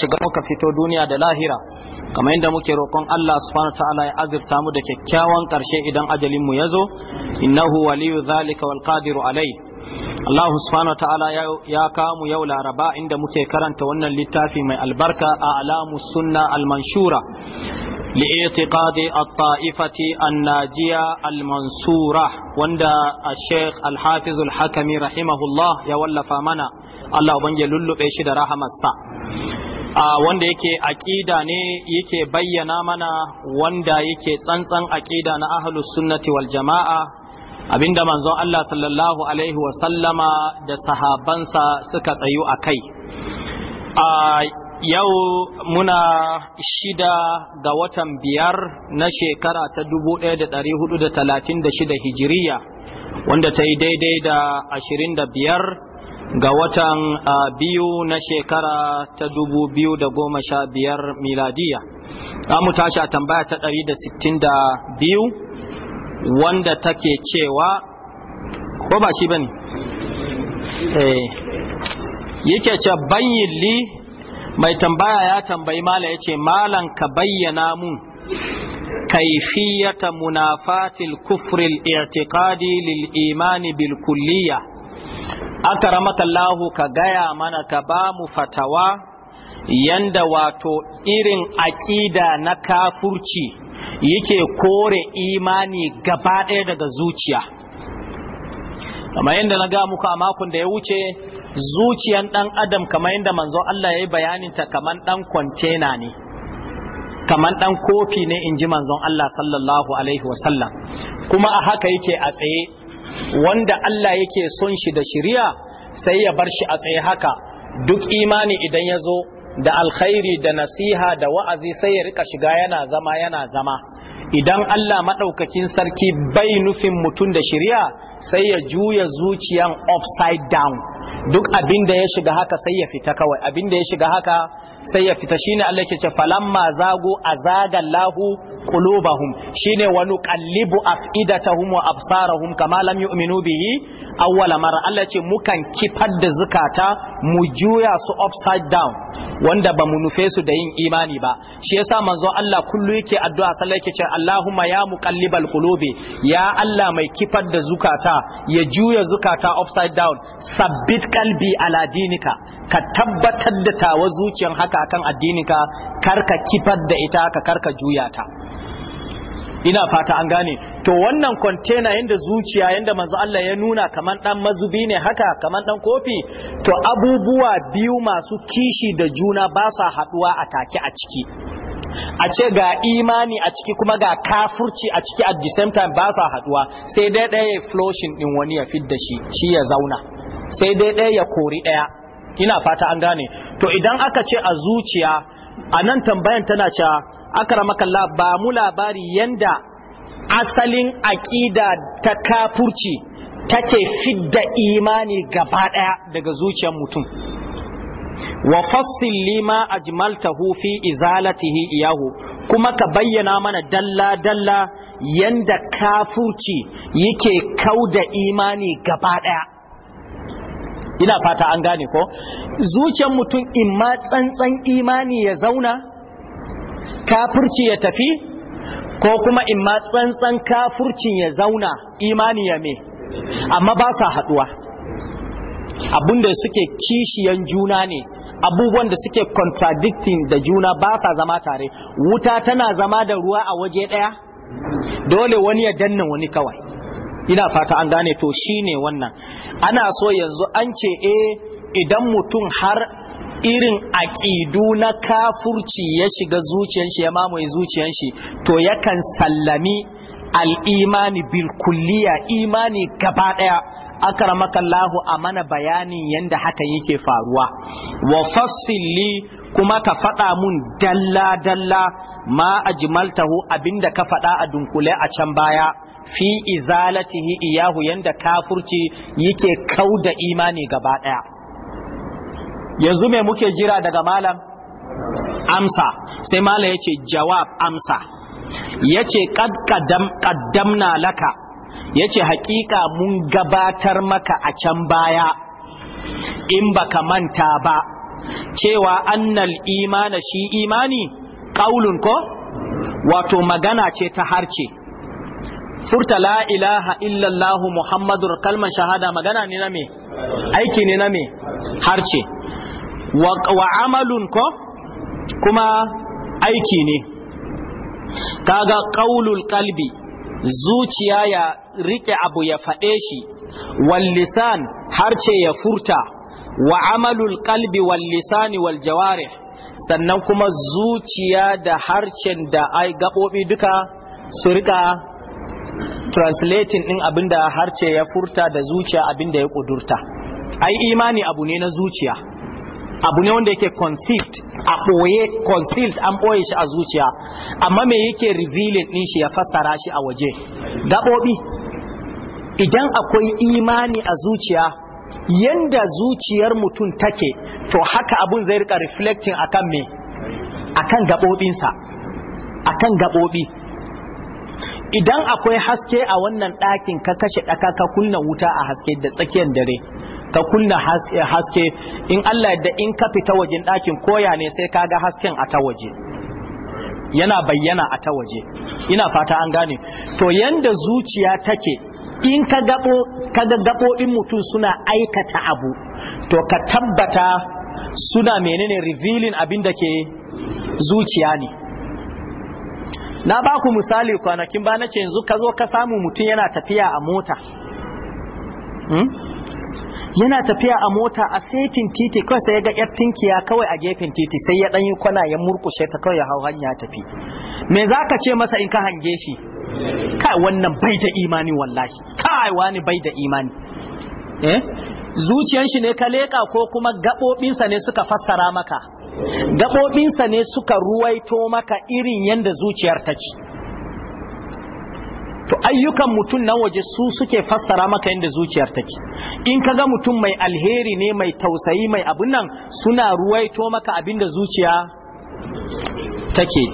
shiga muka fito duniya da lahira kamar yadda muke roƙon Allah subhanahu ta'ala ya azurta mu da kyakkyawan ƙarshe idan ajalin mu yazo innahu waliyu zalika wal qadiru alai Allah subhanahu ta'ala ya kamu yau laraba inda muke karanta wannan littafi mai albarka a alamu sunna al manshura لإعتقاد الطائفة الناجية المنصورة وندا الشيخ الحافظ ya wallafa mana allah منا ya بنجي shi da رحمه sa. A wanda yake aƙida ne yake bayyana mana wanda yake tsantsan aƙida na ahlus sunnati wal jama'a abinda manzon Allah sallallahu alaihi wa sallama da sahabansa suka tsayu a kai a yau muna shida ga watan biyar na shekara ta 1436 hijiriya wanda ta yi daidai da 25 ga watan biyu na shekara ta dubu biyu da goma sha biyar miladiya za mu tashi a tambaya ta ɗari da sittin da biyu wanda take cewa ko ba shi ba ne eh, yake ce bayyilli mai tambaya ya tambayi mala ya ce malan ka bayyana mun kaifiyata munafatil kufril i'tiqadi lil imani bil kulliyah akaramaka ka gaya mana ka ba mu fatawa yanda wato irin aƙida na kafurci yake kore imani gaba ɗaya daga zuciya kamar yadda na ga muku a makon da ya wuce zuciyan ɗan adam kamar yadda manzo Allah ya yi bayaninta kamar ɗan kwantena ne kamar ɗan kofi ne in ji manzon Allah sallallahu alaihi wasallam kuma a haka yake a tsaye wanda Allah yake son shi da shiriya sai ya bar shi a tsaye haka duk imani idan ya zo da alkhairi da nasiha da wa'azi sai ya rika shiga yana zama yana zama idan Allah maɗaukakin sarki bai nufin mutum da shiriya sai ya juya zuciyan upside down duk abin da ya shiga haka sai ya fita kawai abin da ya shiga haka sai ya fita shine Allah yake ce falamma azaga azagallahu qulubahum shine wa nuqallibu afidatahum wa absarahum kama lam yu'minu bihi awwala mara Allah ce mukan kifar da zukata mu juya su upside down wanda ba mu nufe su da yin imani ba shi yasa manzo Allah kullu yake addu'a sallallahu yake ce Allahumma ya muqallibal qulubi ya Allah mai kifar da zukata ya juya zukata upside down sabbit qalbi ala dinika ka tabbatar da tawa zuciyar ka akan addinin ka karka kifar da ita ka karka juya ta ina fata an gane to wannan kwantena yanda zuciya yanda manzo Allah ya nuna kaman dan mazubi ne haka kaman dan kofi to abubuwa biyu masu kishi da juna ba sa haduwa a take a ciki a ce ga imani a ciki kuma ga kafurci a ciki at the same time ba sa haduwa sai dai ɗaya ya floshin din wani ya fidda shi shi ya zauna sai dai ɗaya ya kori daya. ina fata an gane to idan aka ce a zuciya a nan tambayan tana cewa akramakallah ba mu labari yanda asalin aqida ta kafurci take fidda imani gaba daya daga zuciyar mutum wa fassil lima ajmaltahu fi izalatihi iyahu kuma ka bayyana mana dalla dalla yanda kafurci yake kauda imani gaba daya ina fata an gane ko zuciyar mutum in ma tsantsan imani ya zauna kafurci ya tafi ko kuma in ma tsantsan kafircin ya zauna imani ya me amma ba sa haduwa abinda suke kishiyan juna ne abubuwan da suke contradicting da juna ba sa zama tare wuta tana zama da ruwa a waje daya dole wani ya danna wani kawai ina fata an gane to shine wannan ana so yanzu an ce eh idan mutum har irin aƙidu na kafurci ya shiga zuciyar shi ya mamaye zuciyar shi to yakan sallami al'imani bilkulliya imani gaba ɗaya akaramakallahu a mana bayanin yadda hakan yake faruwa wa fassili kuma ka faɗa mun dalla dalla ma ajmaltahu abinda ka faɗa a dunkule a can baya fi izalatihi iyahu yanda kafurci yake kauda imani gaba ɗaya yanzu me muke jira daga malam amsa sai malam yace jawab amsa yace qad qaddam qaddamna laka yace hakika mun gabatar maka a can baya in baka manta ba cewa annal imana shi imani ƙaulun ko wato magana ce ta harce furta la ilaha illallahu muhammadur kalman shahada magana ne na me aiki ne na me harce wa, wa amalun ko kuma aiki ne kaga ƙaulul kalbi zuciya ya rike abu ya faɗe shi wal lisan harce ya furta wa amalul qalbi wal lisani wal jawarih sannan kuma zuciya da harcen da ai gabobi duka su rika translating din abinda harce ya furta da zuciya abinda ya kudurta ai imani abu ne na zuciya abu ne wanda yake concealed a ɓoye concealed an ɓoye shi a zuciya amma me yake revealing ɗin shi ya fassara shi a waje gaɓoɓi idan akwai imani a zuciya yanda zuciyar mutum take to haka abun zai rika reflecting akan me akan gabobinsa akan gabobi idan akwai haske a wannan ɗakin ka kashe ɗaka ka kunna wuta a haske da tsakiyar dare ka kunna eh, haske in Allah da in ka fita wajen ɗakin koya ne sai ka ga hasken a ta waje yana bayyana a ta waje ina fata an gane to yanda zuciya take in ka ga gaɓoɓin mutum suna aikata abu to ka tabbata suna menene revealing abin da ke zuciya ne na ba ku misali kwanakin ba nake yanzu ka zo ka samu mutum yana tafiya a mota hmm? yana tafiya a mota a setin titi kawai sai ga yar tinkiya kawai a gefen titi sai ya ɗanyi kwana ya murkushe ta kawai ya hau hanya tafi me za ka ce masa in ka hange shi kai wannan bai da imani wallahi kai wani bai da imani eh zuciyar shi ne ka leka ko kuma sa ne suka fassara maka sa ne suka ruwaito maka irin yanda zuciyar ta ci to ayyukan mutum na waje su suke fassara maka yanda zuciyar ta ci in ga mutum mai alheri ne mai tausayi mai abin nan suna ruwaito maka abinda zuciya take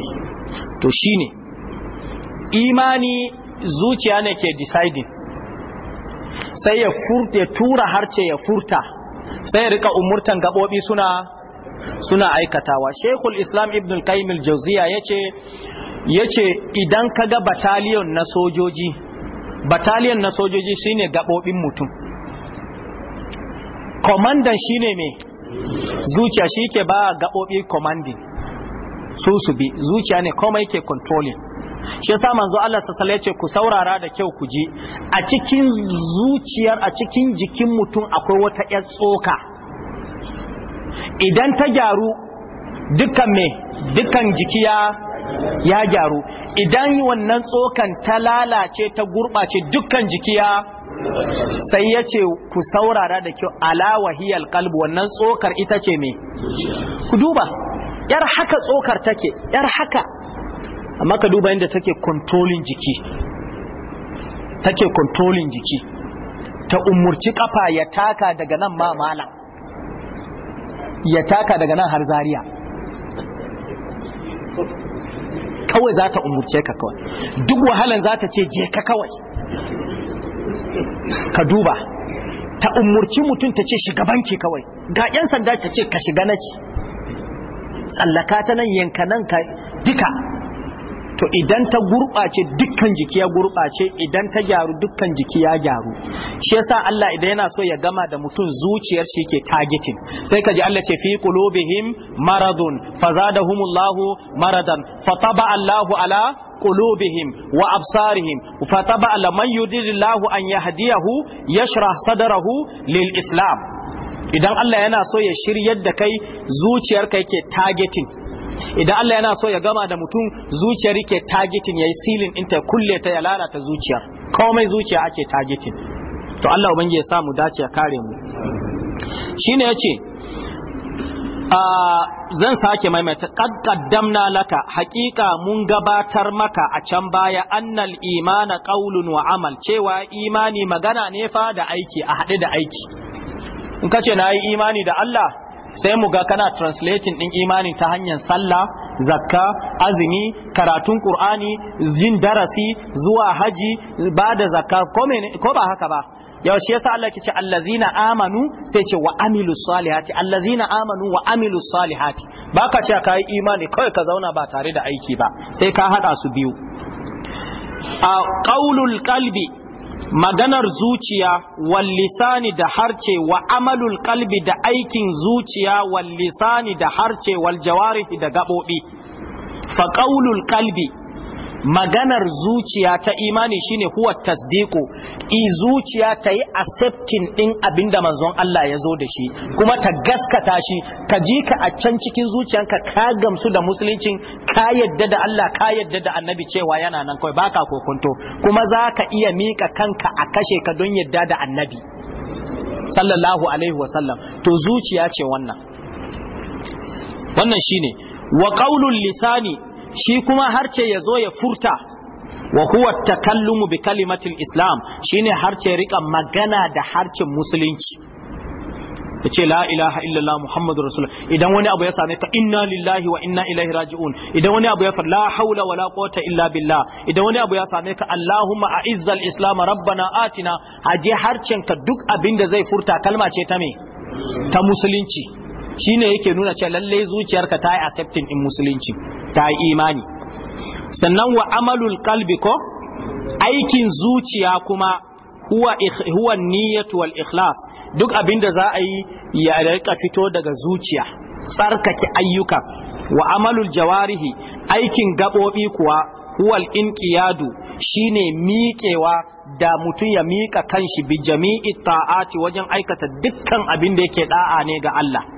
to shine imani zuciya ne ke deciding sai ya tura harce ya furta sai ya rika umurtan gabobi suna suna aikatawa shekul islam ibn qayyim al-jawziya yace yace idan kaga battalion na sojoji battalion na sojoji shine gabobin mutum commander shine me zuciya shike ba gabobi commanding su su bi zuciya ne komai ke controlling shi yasa manzo Allah sallallahu alaihi ku saurara da kyau ku ji a cikin zuciyar a cikin jikin mutum akwai wata yar tsoka idan ta gyaru dukkan me dukkan jiki ya ya gyaru idan wannan tsokan ta lalace ta gurbace dukkan jiki ya sai ya ce ku saurara da kyau ala wahiyal kalbu wannan tsokar ita ce me ku duba yar haka tsokar take yar haka amma ka duba yadda take controlling jiki take controlling jiki ta umurci kafa ya taka daga nan ma mala ya taka daga nan har zariya kawai za ta umurce ka kawai duk wahalan za ta ce je ka kawai ka duba ta umurci mutum ta ce shiga banki kawai ga 'yan sanda ta ce ka shiga naci tsallaka ta nan yanka nan ka duka to idan ta gurɓace dukkan jiki ya gurɓace idan ta gyaru dukkan jiki ya gyaru shi yasa Allah idan yana so ya gama da mutum zuciyar shi ke targetin sai ka ji Allah ce fi qulubihim maradun fazadahumullahu maradan fataba Allahu ala قلوبهم وأبصارهم فتبع man يريد an yahdiyahu yashrah sadarahu lil islam. idan Allah yana so ya shiryar da kai zuciyar kai ke targeting idan Allah yana so ya gama da mutum zuciyar yake targetin yayi silin ta kulle ta ya lalata zuciyar komai zuciya ake targetin to Allah ubangi ya sa mu dace ya kare mu shine yace a ah, zan sake maimaita qad qaddamna laka haqiqa mun gabatar maka a can baya annal imana qaulun wa amal cewa imani magana ne fa da aiki a hade da aiki in kace na yi imani da Allah sai mu ga kana translating din imani ta hanyar sallah zakka azumi karatun qur'ani jin darasi zuwa haji ba da zakka ko ba haka ba yau shi yasa Allah ke allazina amanu sai ce wa amilus salihati allazina amanu wa amilus salihati baka ce kai imani kai ka zauna ba tare da aiki ba sai ka hada su biyu a qaulul qalbi maganar zuciya wal lisani da harce wa amalul kalbi da aikin zuciya wal lisani da harce wal jawarihi da gaɓoɓi faƙaulul kalbi maganar zuciya ta imani shine huwa tasdiqu i zuciya ta yi accepting din abinda manzon Allah ya zo da shi kuma ta gaskata shi ka ji ka a can cikin zuciyanka ka gamsu da musuluncin ka yadda da Allah ka yadda da annabi cewa yana nan kawai baka kokunto kuma za ka iya mika kanka a kashe ka don yadda da annabi sallallahu alaihi wasallam to zuciya ce wannan wannan shine wa qaulul lisani shi kuma harce ya zo ya furta wa huwa takallumu bi kalimatil islam shine harce rika magana da harcin musulunci ya ce la ilaha illallah muhammadu rasulullah idan wani abu ya same ka inna lillahi wa inna ilaihi raji'un idan wani abu ya same la haula wala quwwata illa billah idan wani abu ya same ka allahumma a'izzal islam rabbana atina haje harcen ka duk abinda zai furta kalma ce ta me ta musulunci shine yake nuna cewa lallai zuciyarka ta yi accepting in musulunci ta yi imani sannan wa amalul ko aikin zuciya kuma huwa huwa niyyatu wal ikhlas duk abinda za a yi ya rika fito daga zuciya tsarkake ayyuka wa amalul jawarihi aikin gabobi kuwa huwal inqiyadu shine miƙewa da mutum ya miƙa kanshi bi jami'i ta'ati wajen aikata dukkan abin da yake da'a ne ga Allah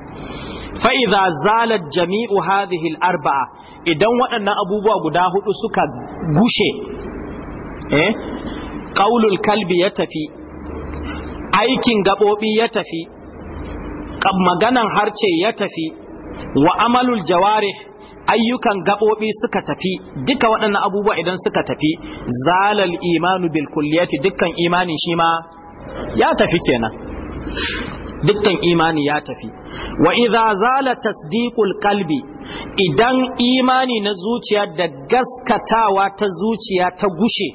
fa'iza zalar jami'u hadihil arba'a idan waɗannan abubuwa guda hudu suka gushe eh ƙaulul kalbi ya tafi aikin gaɓoɓi ya tafi maganan harce ya tafi wa amalul jawari ayyukan gaɓoɓi suka tafi duka waɗannan abubuwa idan suka tafi zalar imanu bil kulliyati dukkan imanin shi ma ya tafi kenan dukkan imani ya tafi wa idza zala tasdiqul qalbi idan imani na zuciya da gaskatawa ta zuciya ta gushe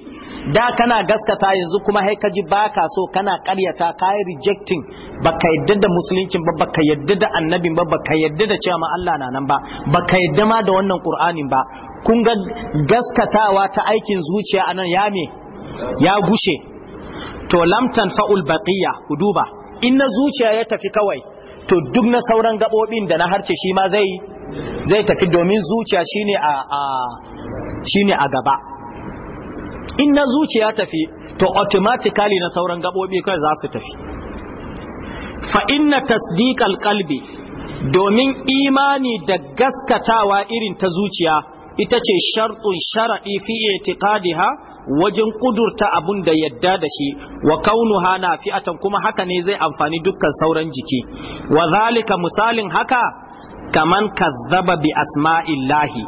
da kana gaskata yanzu kuma hai kaji baka so kana karyata kai rejecting baka yadda da musuluncin ba baka yadda da annabin ba baka yadda da cewa Allah na nan ba baka yadda ma da wannan qur'anin ba kun ga gaskatawa ta aikin zuciya anan ya me ya gushe to lam tanfa'ul baqiya ku duba in na zuciya ya tafi kawai to duk na sauran gabobin da na harce shi ma zai zai tafi domin zuciya shine a a shine a gaba in na zuciya tafi to automatically na sauran gabobi kai za su tafi fa inna tasdiqal qalbi domin imani da gaskatawa irin ta zuciya ita ce shartun sharaɗi fi itiqadiha wajen kudurta abun da yadda da shi wa kaunuha nafi'atan kuma haka ne zai amfani dukkan sauran jiki wa zalika misalin haka kaman kazzaba bi asma'illahi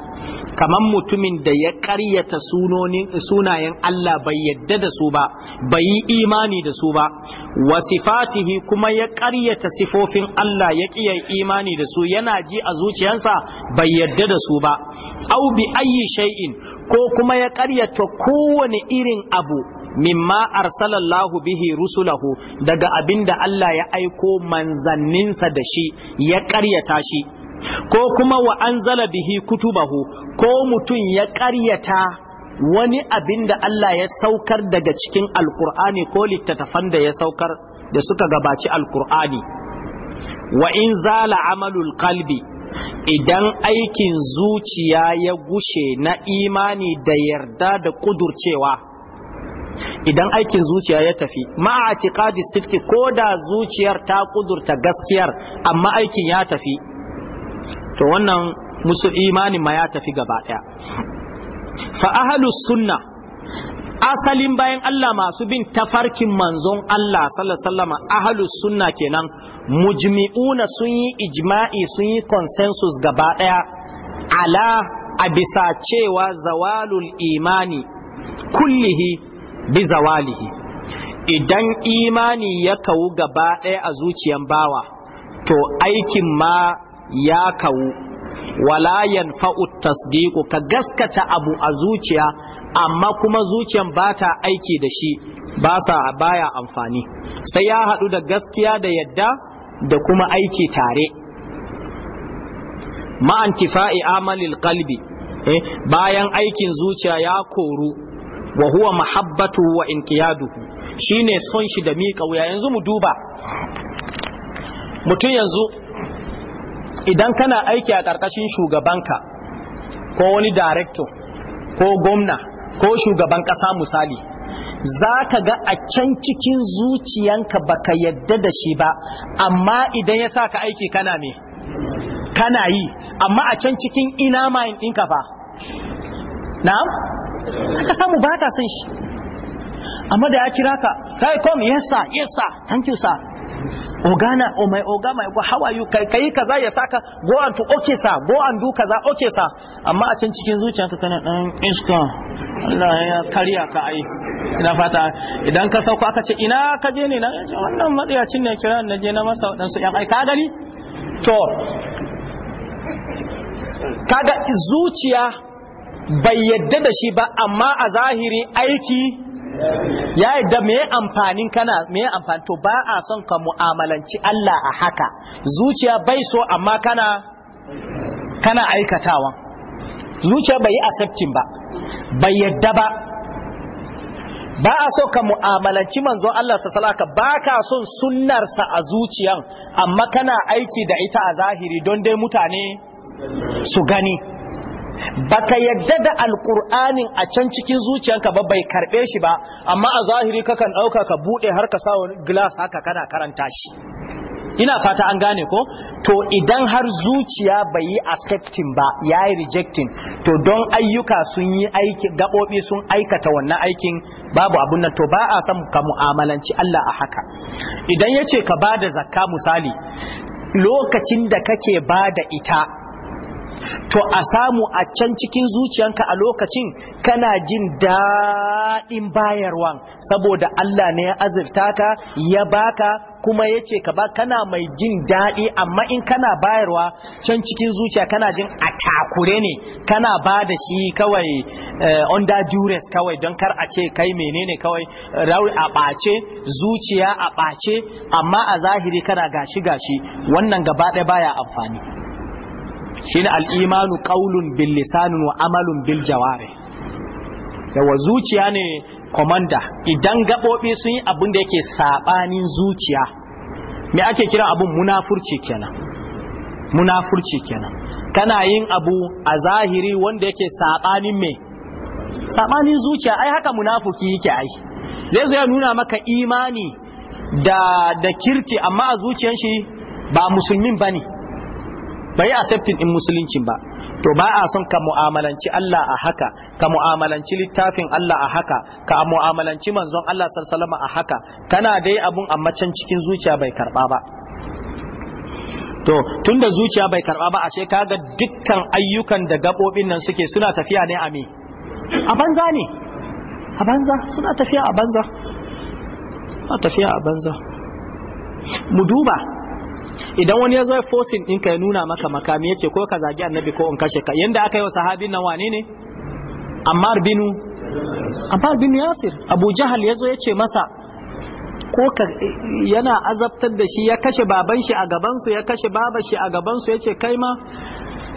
kaman mutumin da ya ƙaryata sunayen Allah bai yadda da su ba bai yi imani da su ba wasifatihi kuma ya ƙaryata sifofin Allah ya ƙiya imani da su yana ji a zuciyarsa bai yadda da su ba au bi ayyi shay'in ko kuma ya ƙaryata kowane irin abu mimma arsalallahu bihi rusulahu daga abinda Allah ya aiko manzanninsa da shi ya ƙaryata shi ko kuma wa anzala bihi kutubahu ko mutum ya ƙaryata wani abin da Allah ya saukar daga cikin alkur'ani ko littattafan da ya saukar da suka gabaci alkur'ani wa in zala amalul qalbi idan aikin zuciya ya gushe na imani da yarda da kudurcewa idan aikin zuciya ya tafi ma'a tiqadi sifti ko da zuciyar ta kudurta gaskiyar amma aikin ya tafi to wannan musu imanin ma ya tafi gaba ɗaya fa ahlu sunna asalin bayan Allah masu bin tafarkin manzon Allah sallallahu alaihi wasallam sunna kenan mujmi'una sun yi ijma'i sun yi consensus gaba ɗaya ala a bisa cewa zawalul imani kullihi bi zawalihi idan imani ya kawu gaba ɗaya a zuciyan bawa to aikin ma ya kawu wala Fa'u tasdiqu ka gaskata abu a zuciya amma kuma zuciyan ba ta aiki da shi ba sa baya amfani sai ya haɗu da gaskiya da yadda da kuma aiki tare ma'an tifa'i amalil qalbi eh, bayan aikin zuciya ya koru wa huwa mahabbatu wa inqiyaduhu shine son shi da miƙa wuya yanzu mu duba mutum yanzu idan kana aiki a ƙarƙashin shugabanka ko wani director ko gwamna ko shugaban ƙasa misali za ka ga a can cikin zuciyanka ba ka yadda da shi ba amma idan ya sa ka aiki kana me kana yi amma a can cikin ina mayin ɗinka na na'am ka samu ba ka son shi amma da ya kira ka kai kom yes sir yes sir thank you sir ogana o mai oga oh mai go how are you kai kai kaza ya saka go and to okay sa go and do kaza okay sa amma a can cikin zuciyarka kana dan iska Allah ya kariya ka ai ina fata idan ka sauko aka ce ina ka je ne na wannan madiyacin ne kiran na je na masa dan su yan ai ka gani to kaga zuciya bai yadda da shi ba amma a zahiri aiki ya yadda me amfanin kana me amfani to ba a son ka mu'amalanci Allah a haka zuciya bai so amma kana kana aikatawa zuciya bai yi accepting ba bai yadda ba ba a so ka mu'amalanci manzon Allah sa salaka ba ka son sa a zuciyan amma kana aiki da ita a zahiri don dai mutane su gani baka yadda da alkur'anin a can cikin zuciyanka ba bai karbe shi ba amma a zahiri kakan dauka ka bude har ka sa glass haka kana karanta shi ina fata an gane ko to idan har zuciya bai yi accepting ba yayi rejecting to don ayyuka sun yi aiki gaɓoɓi sun aikata wannan aikin babu abun nan to ba a san ka mu'amalanci Allah a haka idan yace ka bada zakka misali lokacin da kake bada ita to a samu a can cikin zuciyanka a lokacin kana jin daɗin bayarwa saboda Allah ne ya azurta ka ya baka kuma ya ce ka ba kana mai jin daɗi amma in kana bayarwa can cikin zuciya kana jin a takure ne kana ba da shi kawai eh, under duress kawai don kar a ce kai menene kawai rauni a ɓace zuciya a ɓace amma a zahiri kana gashi gashi wannan gaba ɗaya baya amfani shine al-imanu qaulun bil wa amalun bil jawari yawa zuciya ne komanda idan gabobi sun yi abin da yake sabanin zuciya me ake kira abun munafurci kenan munafurci kenan kana yin abu a zahiri wanda yake sabanin me sabanin zuciya ai haka munafuki yake ai zai zo ya nuna maka imani da da kirki amma a zuciyar shi ba musulmin bane bai accepting in musulunci ba to ba a son ka mu'amalanci Allah a haka ka mu'amalanci littafin Allah a haka ka mu'amalanci manzon Allah sallallahu alaihi a haka kana dai abun amma can cikin zuciya bai karba ba to tunda zuciya bai karba ba ashe kaga dukkan ayyukan da gabobin nan suke suna tafiya ne a me a banza ne a banza suna tafiya a banza suna tafiya a banza mu duba idan wani ya zo ya forcing ka ya nuna maka makami ya ce ko ka zagi annabi ko in kashe ka yanda aka yi wa sahabin nan wane ne ammar binu ammar binu yasir abu jahal ya zo ya ce masa ko ka yana azabtar da shi ya kashe baban shi a gabansu ya kashe baban shi a gabansu ya ce kai ma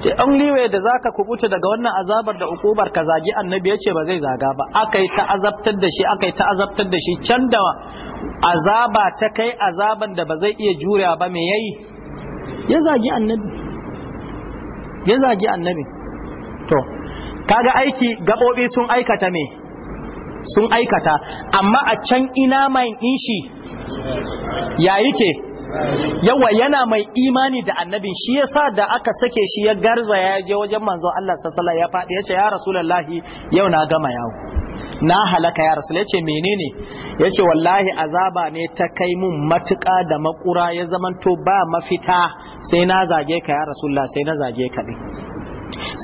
ce an liwe da zaka kubuta daga wannan azabar da ukubar ka zagi annabi ya ce ba zai zaga ba aka yi ta azabtar da shi aka yi ta azabtar da shi can da azaba ta kai azaban da ba zai iya jura ba me yayi ya zagi annabi ya zagi annabi to kaga aiki gabobi sun aikata me sun aikata amma a can ina mai inshi shi ya yake yawa yana mai imani da annabi shi yasa da aka sake shi ya garza ya je wajen manzo Allah sallallahu ya faɗi ya ce ya rasulullahi yau na gama yawo na halaka ya rasul yace menene yace wallahi azaba ne ta kai mun matuka da makura ya zamanto ba mafita sai na zage ka ya rasulullah sai na zage ka ne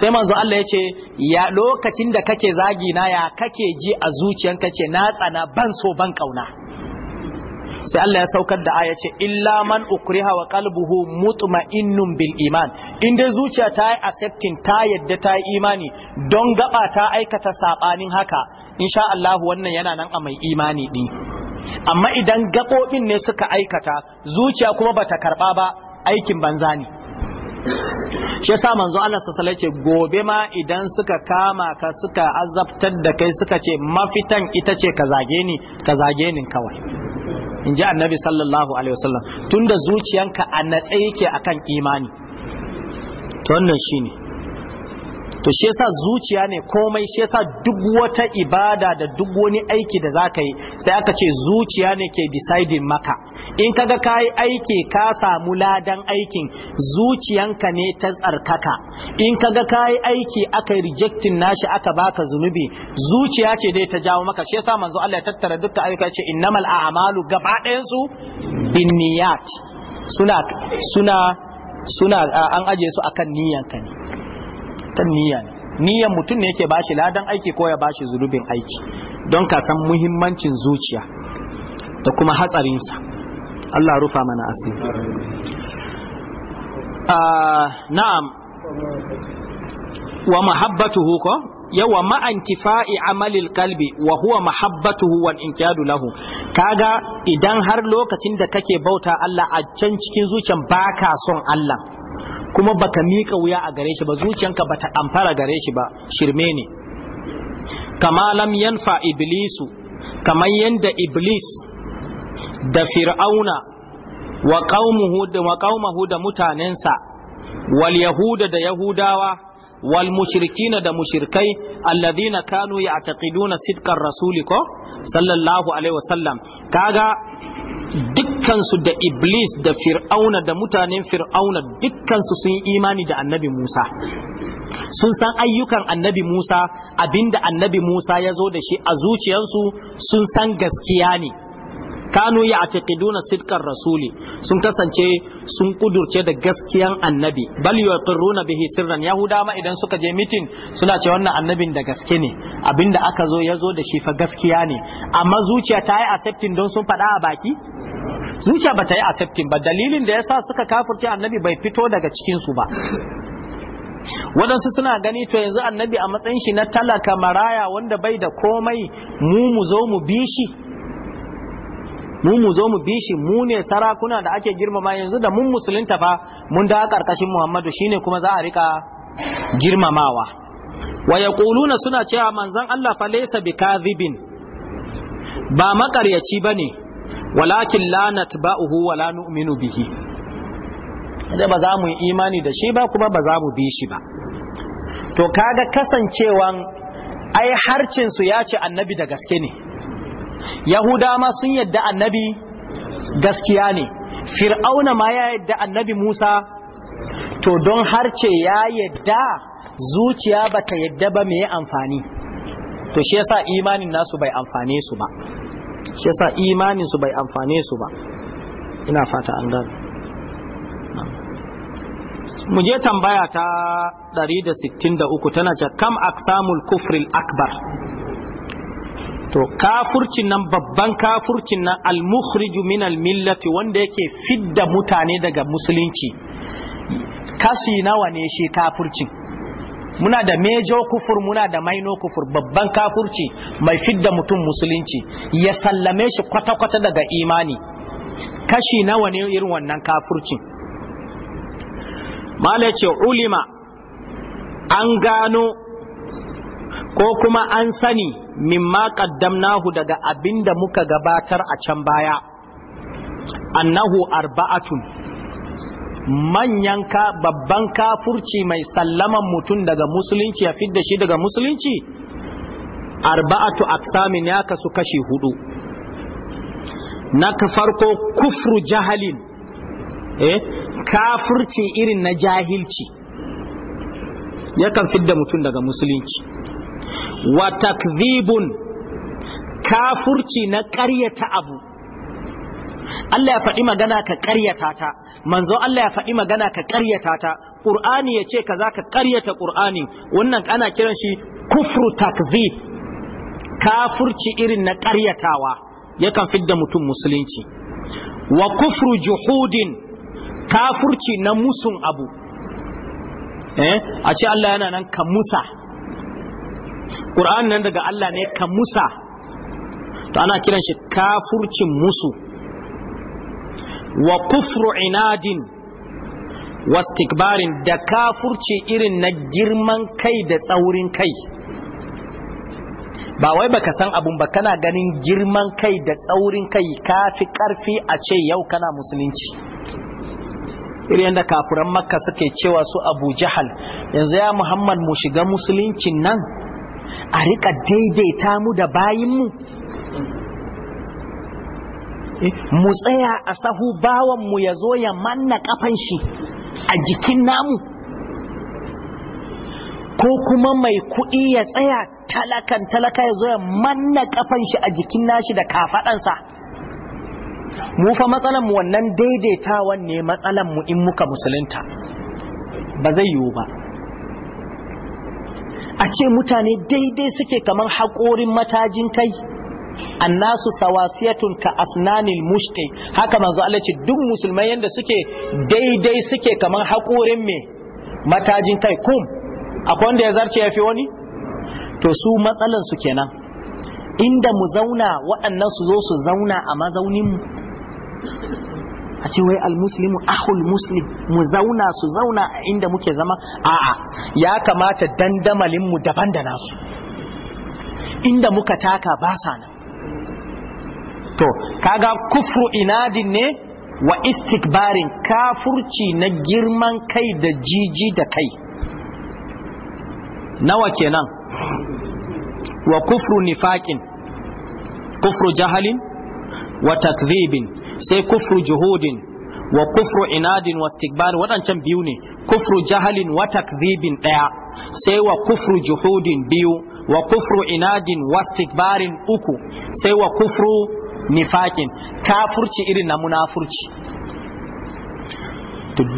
sai manzo Allah ya ce ya lokacin da kake zagi na ya kake ji a zuciyanka ce na tsana ban so ban kauna sai Allah ya saukar da aya ce illa man ukriha wa qalbuhu mutma'innun bil iman in dai zuciya ta yi accepting ta yadda ta yi imani don gaba ta aikata sabanin haka insha Allah wannan yana nan a mai imani din amma idan gabobin ne suka aikata zuciya kuma bata karba ba aikin banza ne shi yasa manzo Allah sallallahu alaihi ce gobe ma idan suka kama ka suka azabtar da kai suka ce mafitan ita ce ka zage ni ka zage ni kawai in ji annabi sallallahu alaihi wasallam tunda zuciyanka a natse yake akan imani to wannan shine to shi yasa zuciya ne komai shi yasa duk wata ibada da duk wani aiki da zaka yi sai aka ce zuciya ne ke deciding maka in kaga kai aiki ka samu ladan aikin zuciyanka ne ta tsarkaka in kaga kai aiki aka yi rejecting nashi aka baka zunubi zuciya ce dai ta jawo maka shi yasa manzo Allah ya tattara dukkan ayyuka ce innamal a'malu gaba ɗayan su binniyat suna suna suna an aje su akan niyyanka ne kan niyya ne niyyan mutum ne yake bashi ladan aiki ko ya bashi zunubin aiki don ka san muhimmancin zuciya da kuma hatsarinsa Allah rufa mana asiri ah, na'am wa mahabbatuhu ko yawa ma'antifa'i amalil kalbi wa huwa mahabbatuhu wal inkiyadu lahu kaga idan har lokacin da kake bauta Allah a can cikin zuciyan baka son Allah kuma baka mika wuya a gare shi ba zuciyanka bata amfara gare shi ba shirme ne kama lam yanfa iblisu kamar yanda iblis da fir'auna wa qaumuhu da wa qaumuhu da mutanensa wal yahuda da yahudawa wal mushrikina da mushrikai alladhina kanu ya'taqiduna sidqar rasuliko sallallahu alaihi wasallam kaga dukkansu da iblis da fir'auna da mutanen fir'auna dukkansu sun yi imani da annabi musa sun san ayyukan annabi musa abinda annabi musa ya zo da shi a zuciyarsu sun san gaskiya ne kanu ya aqiqiduna sidqar rasuli sun kasance sun kudurce da gaskiyan annabi bal yuqirruna bihi sirran yahuda ma idan suka je mitin suna ce wannan annabin da gaske ne abinda aka zo ya zo da shi fa gaskiya ne amma zuciya ta yi accepting don sun faɗa a baki zuciya ba ta yi accepting ba dalilin da ya sa suka kafurce annabi bai fito daga cikin su ba Wadansu suna gani to yanzu annabi a matsayin shi na talaka maraya wanda bai da komai mu mu zo mu bi shi mu mu zo mu bi shi mu ne sarakuna da ake girmama yanzu da mun musulunta fa mun da karkashin Muhammadu shine kuma za a rika girmamawa wa yaquluna suna cewa manzon Allah fa laysa bikadhibin ba makaryaci bane walakin la natba'uhu wa la nu'minu bihi da ba za mu yi imani da shi ba kuma ba za mu bi shi ba to kaga kasancewan ai harcin su ya ce annabi da gaske ne yahuda ma sun yadda annabi gaskiya ne fir'auna ma ya yadda annabi musa to don harce ya yadda zuciya ba ta yadda ba mai amfani to shi yasa imanin nasu bai amfane su ba shi yasa imanin su bai amfane su ba ina fata an gano mu je tambaya ta 163 tana ce kam aksamul kufril akbar to kafurcin nan babban kafurcin nan al-mukhriju min al-millati wanda yake fidda mutane daga musulunci kashi nawa ne shi kafurcin muna da mejo kufur muna da maino kufur babban kafurci mai fidda mutum musulunci ya sallame shi kwata-kwata daga imani kashi nawa ne irin wannan kafurcin mala ce ulima an gano ko kuma an sani mimma qaddamnahu daga abinda muka gabatar a can baya annahu arba'atun manyan ka babban kafurci mai sallaman mutum daga musulunci ya fidda shi daga musulunci arba'atu aksamin ya kasu kashi hudu na farko kufru jahalin eh kafurci irin na jahilci yakan fidda mutum daga musulunci wa takdhibun kafurci na ƙaryata abu Allah ya faɗi magana ka ƙaryata ta manzo Allah ya faɗi magana ka ƙaryata ta Qur'ani ya ce za ka ƙaryata Qur'ani wannan ana kiran shi kufru takdhib kafurci irin na ƙaryatawa yakan fidda mutum musulunci wa kufru juhudin kafurci na musun abu eh a ce Allah yana nan ka musa ƙur'ani nan daga Allah ne ka musa to ana kiran shi kafurcin musu wa kufru inadin wastikbarin da kafurci irin na girman kai da tsaurin kai ba wai baka san abun ba kana ganin girman kai da tsaurin kai kafi karfi a ce yau kana musulunci iri da kafuran makka suke cewa su abu jahal yanzu ya muhammad mu shiga musulunci nan a rika daidaita mu da bayin mu eh, Mu tsaya a sahu bawanmu ya zo ya manna kafan shi a jikin namu ko kuma mai kuɗi ya tsaya talakan talaka ya zo ya manna kafan shi a jikin nashi da kafaɗansa mu fa mu wannan daidaitawan ne matsalan mu in muka musulunta ba zai yiwu ba a ce mutane daidai suke kamar haƙorin matajin kai nasu sawasiyatun ka asnanil mushti haka manzo Allah ce duk musulmai yanda suke daidai suke kamar haƙorin me matajin kai kum akwai wanda ya zarce ya fi wani to su matsalan su kenan inda mu zauna waɗannan su zo su zauna a mazaunin mu a ce wai almuslimu ahul muslim mu zauna su zauna a inda muke zama a'a ya kamata dandamalin mu daban da nasu inda muka taka ba sa nan to kaga kufru inadin ne wa istikbarin kafurci na girman kai da jiji da kai nawa kenan wa kufru nifakin kufru jahalin wa takdhibin sai kufru juhudin wa kufru inadin wa istikbar waɗancan biyu ne kufru jahalin wa takdhibin ɗaya sai wa kufru juhudin biyu wa kufru inadin wa istikbarin uku sai wa kufru nifakin kafurci irin na munafurci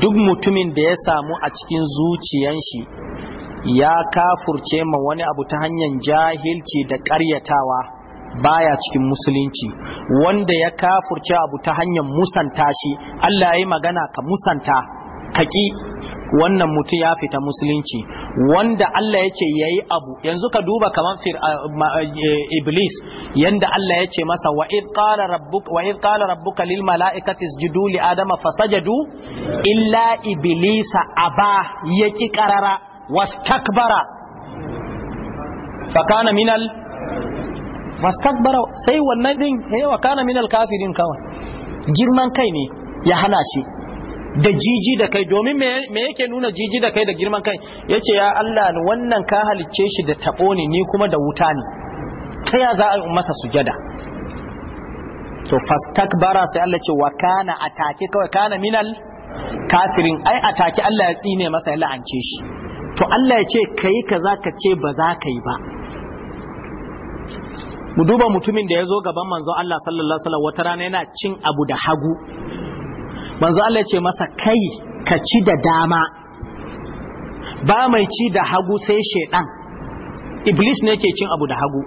duk mutumin da ya samu a cikin zuciyanshi shi ya kafurce ma wani abu ta hanyar jahilci da ƙaryatawa baya cikin musulunci wanda ya kafurce abu ta hanyar musanta shi Allah ya yi magana ka musanta kaki wannan mutu ya fita musulunci wanda Allah ya ce ya yi abu yanzu ka duba kamar e, iblis yanda Allah ya ce masa wa in qala rabbuka lil mala'ikati isjudu li adama fasajadu illa iblisa aba yaki takbara. wastakbara fakana minal fastakbara sai wannan din eh, wa kana min alkafirin kawai girman kai ne ya hana shi da jiji da kai domin me yake nuna jiji da kai da girman kai yace ya Allah wannan ka halicce shi da tabo ne ni kuma da wuta ne ta ya za a masa sujada to fastakbara sai Allah ce wa kana atake kawai kana min kafirin ai atake Allah ya tsine masa ya la'ance shi to Allah ya ce kai kaza ka ce ba za ka yi ba mu duba mutumin da ya zo gaban manzo Allah sallallahu alaihi wata rana yana cin abu da hagu manzo Allah ce masa kai ka ci da dama ba mai ci da hagu sai shaidan iblis ne ke cin abu da hagu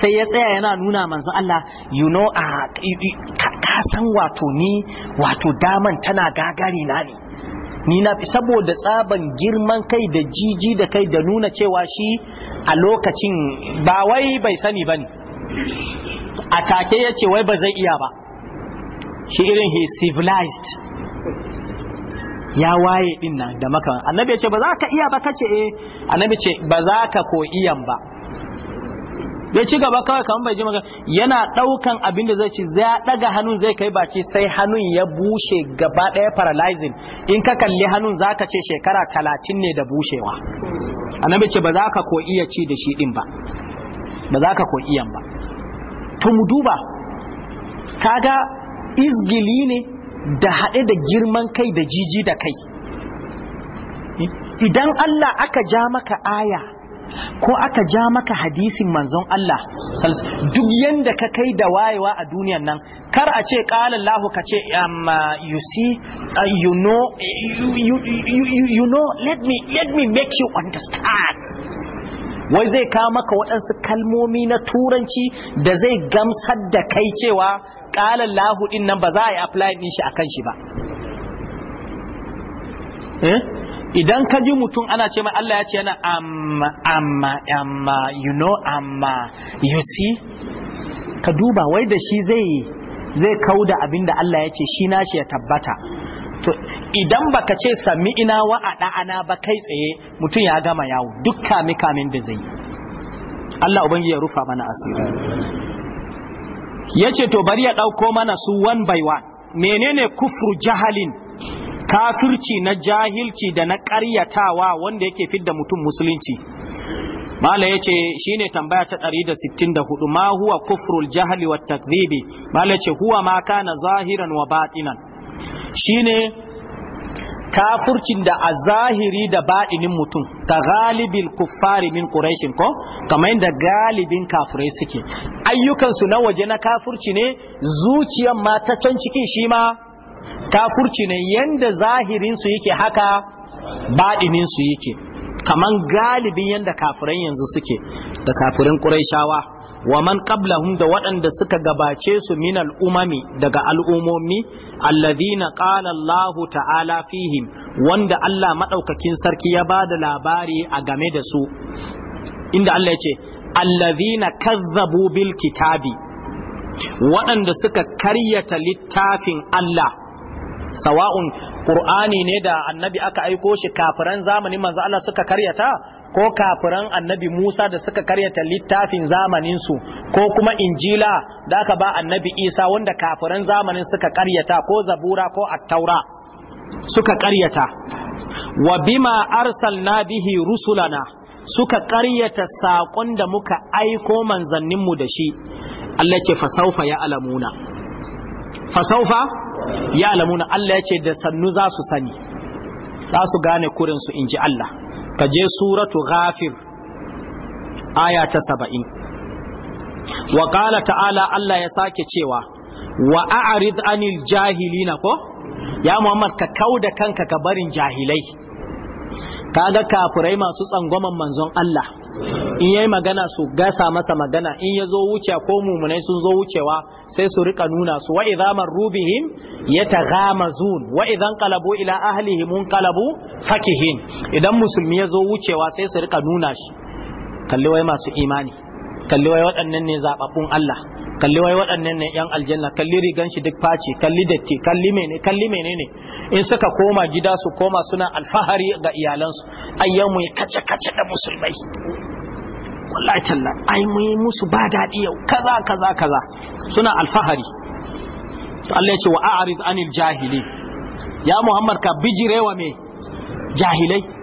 sai ya tsaya yana nuna manzo Allah you know ah, a ka san wato ni wato daman tana gagari na ne ni na saboda tsaban girman kai da jiji da kai da nuna cewa shi a lokacin ba wai bai sani bane a take ya ce wai ba zai iya ba shi irin he civilized ya waye din nan da maka annabi ya ce ba za ka iya ba kace eh annabi ce ba za ka ko iyan ba ya ci gaba kawai kamar bai ji maka yana daukan abin da zai ci zai daga hannun zai kai baki sai hannun ya bushe gaba daya paralyzing in ka kalli hannun zaka ce shekara talatin ne da bushewa annabi ce ba za ka ko iya ci da shi din ba ba za ka ko iyan ba to mu duba kaga izgili ne da haɗe da girman kai da jiji da kai idan Allah aka ja maka aya ko aka ja maka hadisin manzon Allah duk yanda ka kai da wayewa a duniyan nan kar a ce qala Allah ka ce you see uh, you know you, you know let me let me make you understand wai zai kawo maka waɗansu kalmomi na turanci da zai gamsar da kai cewa ƙalan lahu ɗin nan ba za a yi apply ɗin shi a kan shi ba eh? idan ka ji mutum ana ce ma Allah ya ce yana amma amma amma you know amma you see ka duba wai da shi zai zai da abin da Allah ya ce shi shi ya tabbata idan baka ce sami ina wa a ɗa'ana ba kai tsaye mutum ya gama yawo duk kame kamin da zai Allah ubangi ya rufa mana asiri ya ce to bari ya ɗauko mana su one by one menene kufru jahalin kafirci na jahilci da na ƙaryatawa wanda yake fidda mutum musulunci mala ya ce shi ne tambaya ta 164 ma huwa kufrul jahali wa takzibi mala ya ce huwa ma kana zahiran wa batinan shi ne kafurcin da a zahiri da baɗinin mutum ta galibin kuffari min ƙureshin ko kamar yadda galibin kafurai suke ayyukansu na waje na kafurci ne zuciyar matakan cikin shi ma kafurci ne yadda zahirinsu yake haka baɗininsu yake kamar galibin yadda kafurai yanzu suke da kafurin ƙureshawa wa man qablahum da waɗanda suka gabace su min al'umami daga al'umomi alladhina qala Allah ta'ala fihim wanda Allah madaukakin sarki ya ba da labari a game da su inda Allah ya ce alladhina kazzabu bilkitabi. waɗanda suka karyata littafin Allah sawa'un qur'ani ne da annabi aka aiko shi kafuran zamani manzo Allah suka karyata ko kafiran annabi Musa da suka karyata littafin zamaninsu ko kuma injila da aka ba annabi Isa wanda kafiran zamanin suka karyata ko zabura ko attaura suka karyata wa bima arsalna bihi rusulana suka karyata saƙon da muka aiko manzanninmu da shi Allah ce fasaufa ya alamuna fasaufa ya alamuna Allah ya ce da sannu za su sani za su gane kurinsu in ji Allah ka je suratu ghafir aya ta saba'in wa ƙala ta'ala Allah ya sake cewa wa a'rid anil jahilina ko ya Muhammad ka da kanka ka barin jahilai ka kaga kafirai masu tsangwaman manzon Allah in yayi magana su gasa masa magana in ya zo wuce ko mumunai sun zo wucewa sai su rika nuna su wa idza marrubihim yataghamazun wa idan qalabu ila ahlihim qalabu fakihin idan musulmi yazo wucewa sai su rika nuna shi kalli wai masu imani kalli wai waɗannan ne zababbun Allah kalli wai waɗannan ne yan aljanna kalli rigan shi duk face kalli datti kalli mene kalli menene in suka koma gida su koma suna alfahari ga iyalansu ayyan mu kace kace da musulmai wallahi talla ai mu musu ba daɗi yau kaza kaza kaza suna alfahari to Allah ya ce wa a'rid anil jahili ya Muhammad ka bijirewa me jahilai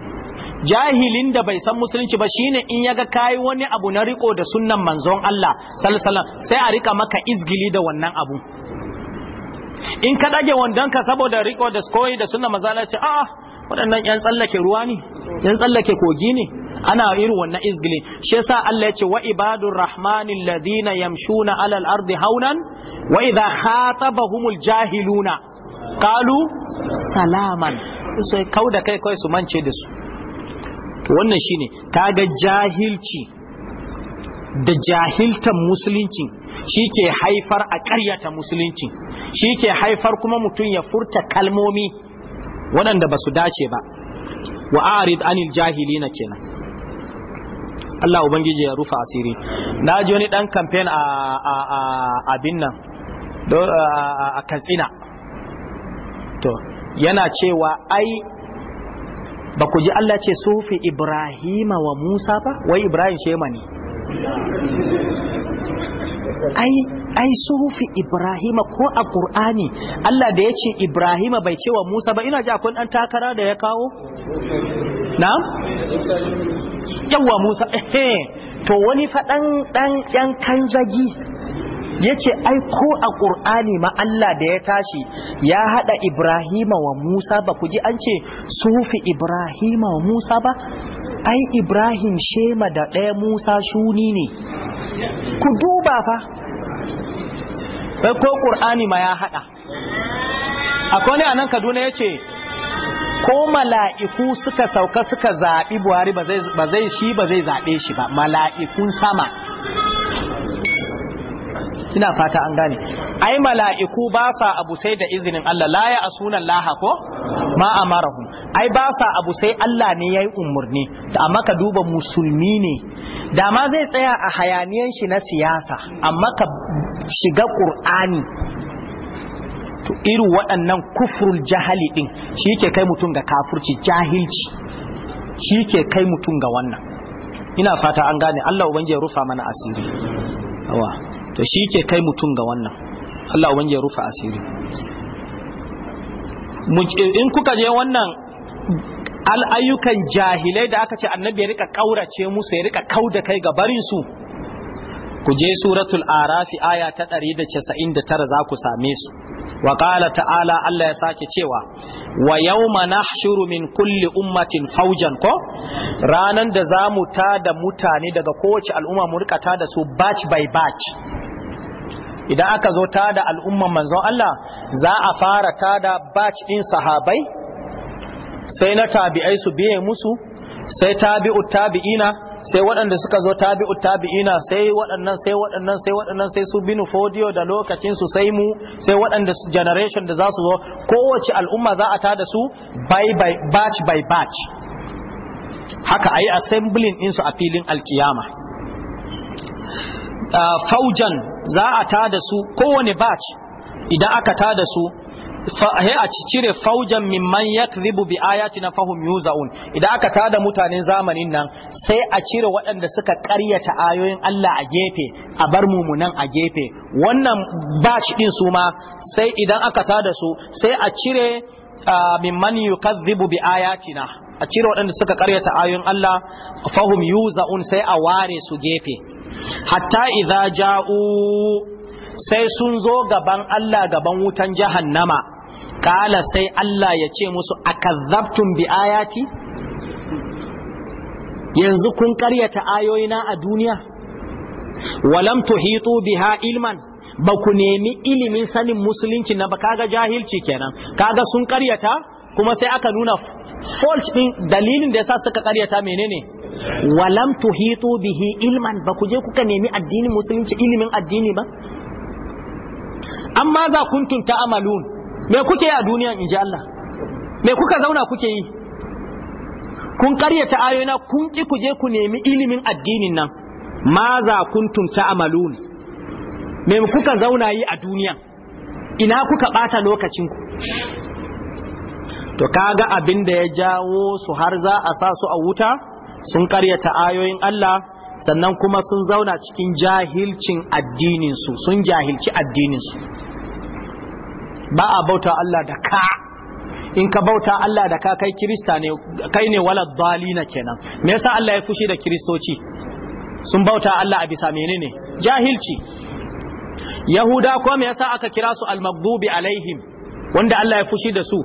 jahilin da bai san musulunci ba shine in yaga kayi wani abu na riko da sunnan manzon Allah sallallahu sai a rika maka izgili da wannan abu in ka dage ka saboda riko da koyi da sunnan manzon Allah ce a'a waɗannan yan tsallake ruwa ne yan tsallake kogi ne ana irin wannan izgili shi yasa Allah ya ce wa ibadur rahmanil ladina yamshuna alal ardi haunan wa idha khatabahumul jahiluna qalu salaman sai kauda kai kawai su mance da su to wannan shine ga jahilci da jahiltan musulunci ke haifar a ƙaryata musulunci ke haifar kuma mutum ya furta kalmomi waɗanda ba su dace ba wa arid anil na kenan Allah ubangiji ya rufa asiri na ji wani ɗan kamfen a abin nan a katsina to yana cewa ai ba ku ji Allah ce sufi Ibrahima wa Musa ba wai Ibrahim shema ne ai ai sufi Ibrahima ko a Qur'ani Allah da ya ce Ibrahima bai ce wa Musa ba ina ji akwai dan takara da ya kawo na'am yawa Musa eh, eh to wani fa dan yan kanzagi ya ce ai ko a ƙur'ani ma Allah da ya tashi ya haɗa Ibrahima wa Musa ba ku ji an ce sufi Ibrahima wa Musa ba ai Ibrahim shema da ɗaya Musa shuni ne ku duba fa ko ƙur'ani ma ya haɗa akwai ne a nan Kaduna ya ce ko mala'iku suka sauka suka zaɓi buhari ba zai shi ba zai zaɓe shi ba mala'ikun sama ina fata an gane ai mala'iku ba sa abu sai da izinin Allah la ya asunan laha ko ma amarahu ai ba sa abu sai Allah ne yayi umurni da amma ka duba musulmi ne da ma zai tsaya a hayaniyan shi na siyasa amma ka shiga qur'ani to irin waɗannan kufrul jahali din shi ke kai mutum ga kafurci jahilci shi ke kai mutum ga wannan ina fata an gane Allah ubangiji ya rufa mana asiri awa to shi ke kai mutum ga wannan Allah wani ya rufe asiri in kuka je wannan al'ayyukan jahilai da aka ce annabi ya rika ƙaurace musu ya rika da kai ga barinsu ku je suratul arafi aya ta da da casa'in tara za ku same su wa ta'ala Allah ya sake cewa wa yau na shuru min kulli ummatin faujan ko ranar da za mu ta da mutane daga kowace al'umma mu rika da su batch by batch idan aka zo tada al'umman manzon Allah za a fara tada batch din sahabai sai na tabi'ai su biye musu sai tabi'u tabi'ina sai waɗanda suka zo tabi'u tabi'ina sai waɗannan sai waɗannan sai waɗannan sai su binu fodiyo da lokacin su sai mu sai waɗanda generation da za su zo kowace al'umma za a tada su by by batch by batch haka ayi assembling din su a filin alkiyama faujan za a tada su kowane batch idan aka tada su he a cire faujan mimman yakzibu bi ayatina fahum yuzaun idan aka tada mutanen zamanin nan sai a cire waɗanda suka ƙaryata ayoyin Allah a gefe a bar mumunan a gefe wannan batch din su ma sai idan aka tada su sai a cire mimman yukazzibu bi ayatina a cire waɗanda suka ƙaryata ayoyin Allah fahum yuzaun sai a ware su gefe hatta idza ja'u sai sun zo gaban Allah gaban wutan jahannama kala sai Allah ya ce musu akazzabtum bi ayati yanzu kun karyata ayoyina a duniya walam tuhitu biha ilman ba ku nemi ilimin sanin musulunci na ba kaga jahilci kenan kaga sun karyata kuma sai aka nuna fault din dalilin da yasa suka karyata menene walam tuhitu bihi ilman ba ku je kuka nemi addinin musulunci ilimin addini ba amma za kuntum ta'malun me kuke yi a duniya in ji Allah me kuka zauna kuke yi kun karyata ayoyina kun ki ku je ku nemi ilimin addinin nan ma za kuntum ta'malun me kuka zauna yi a duniya ina kuka bata lokacin ku to kaga abin da ya jawo su har za a sa su a wuta sun karyata ayoyin Allah sannan kuma sun zauna cikin jahilcin addininsu sun jahilci addininsu ba a bauta Allah da ka in ka bauta Allah da ka kai kirista ne kai ne wala dalina kenan me yasa Allah ya fushi da kristoci sun bauta Allah a bisa menene jahilci yahuda ko me yasa aka kira su al-maghdubi alaihim wanda Allah ya fushi da su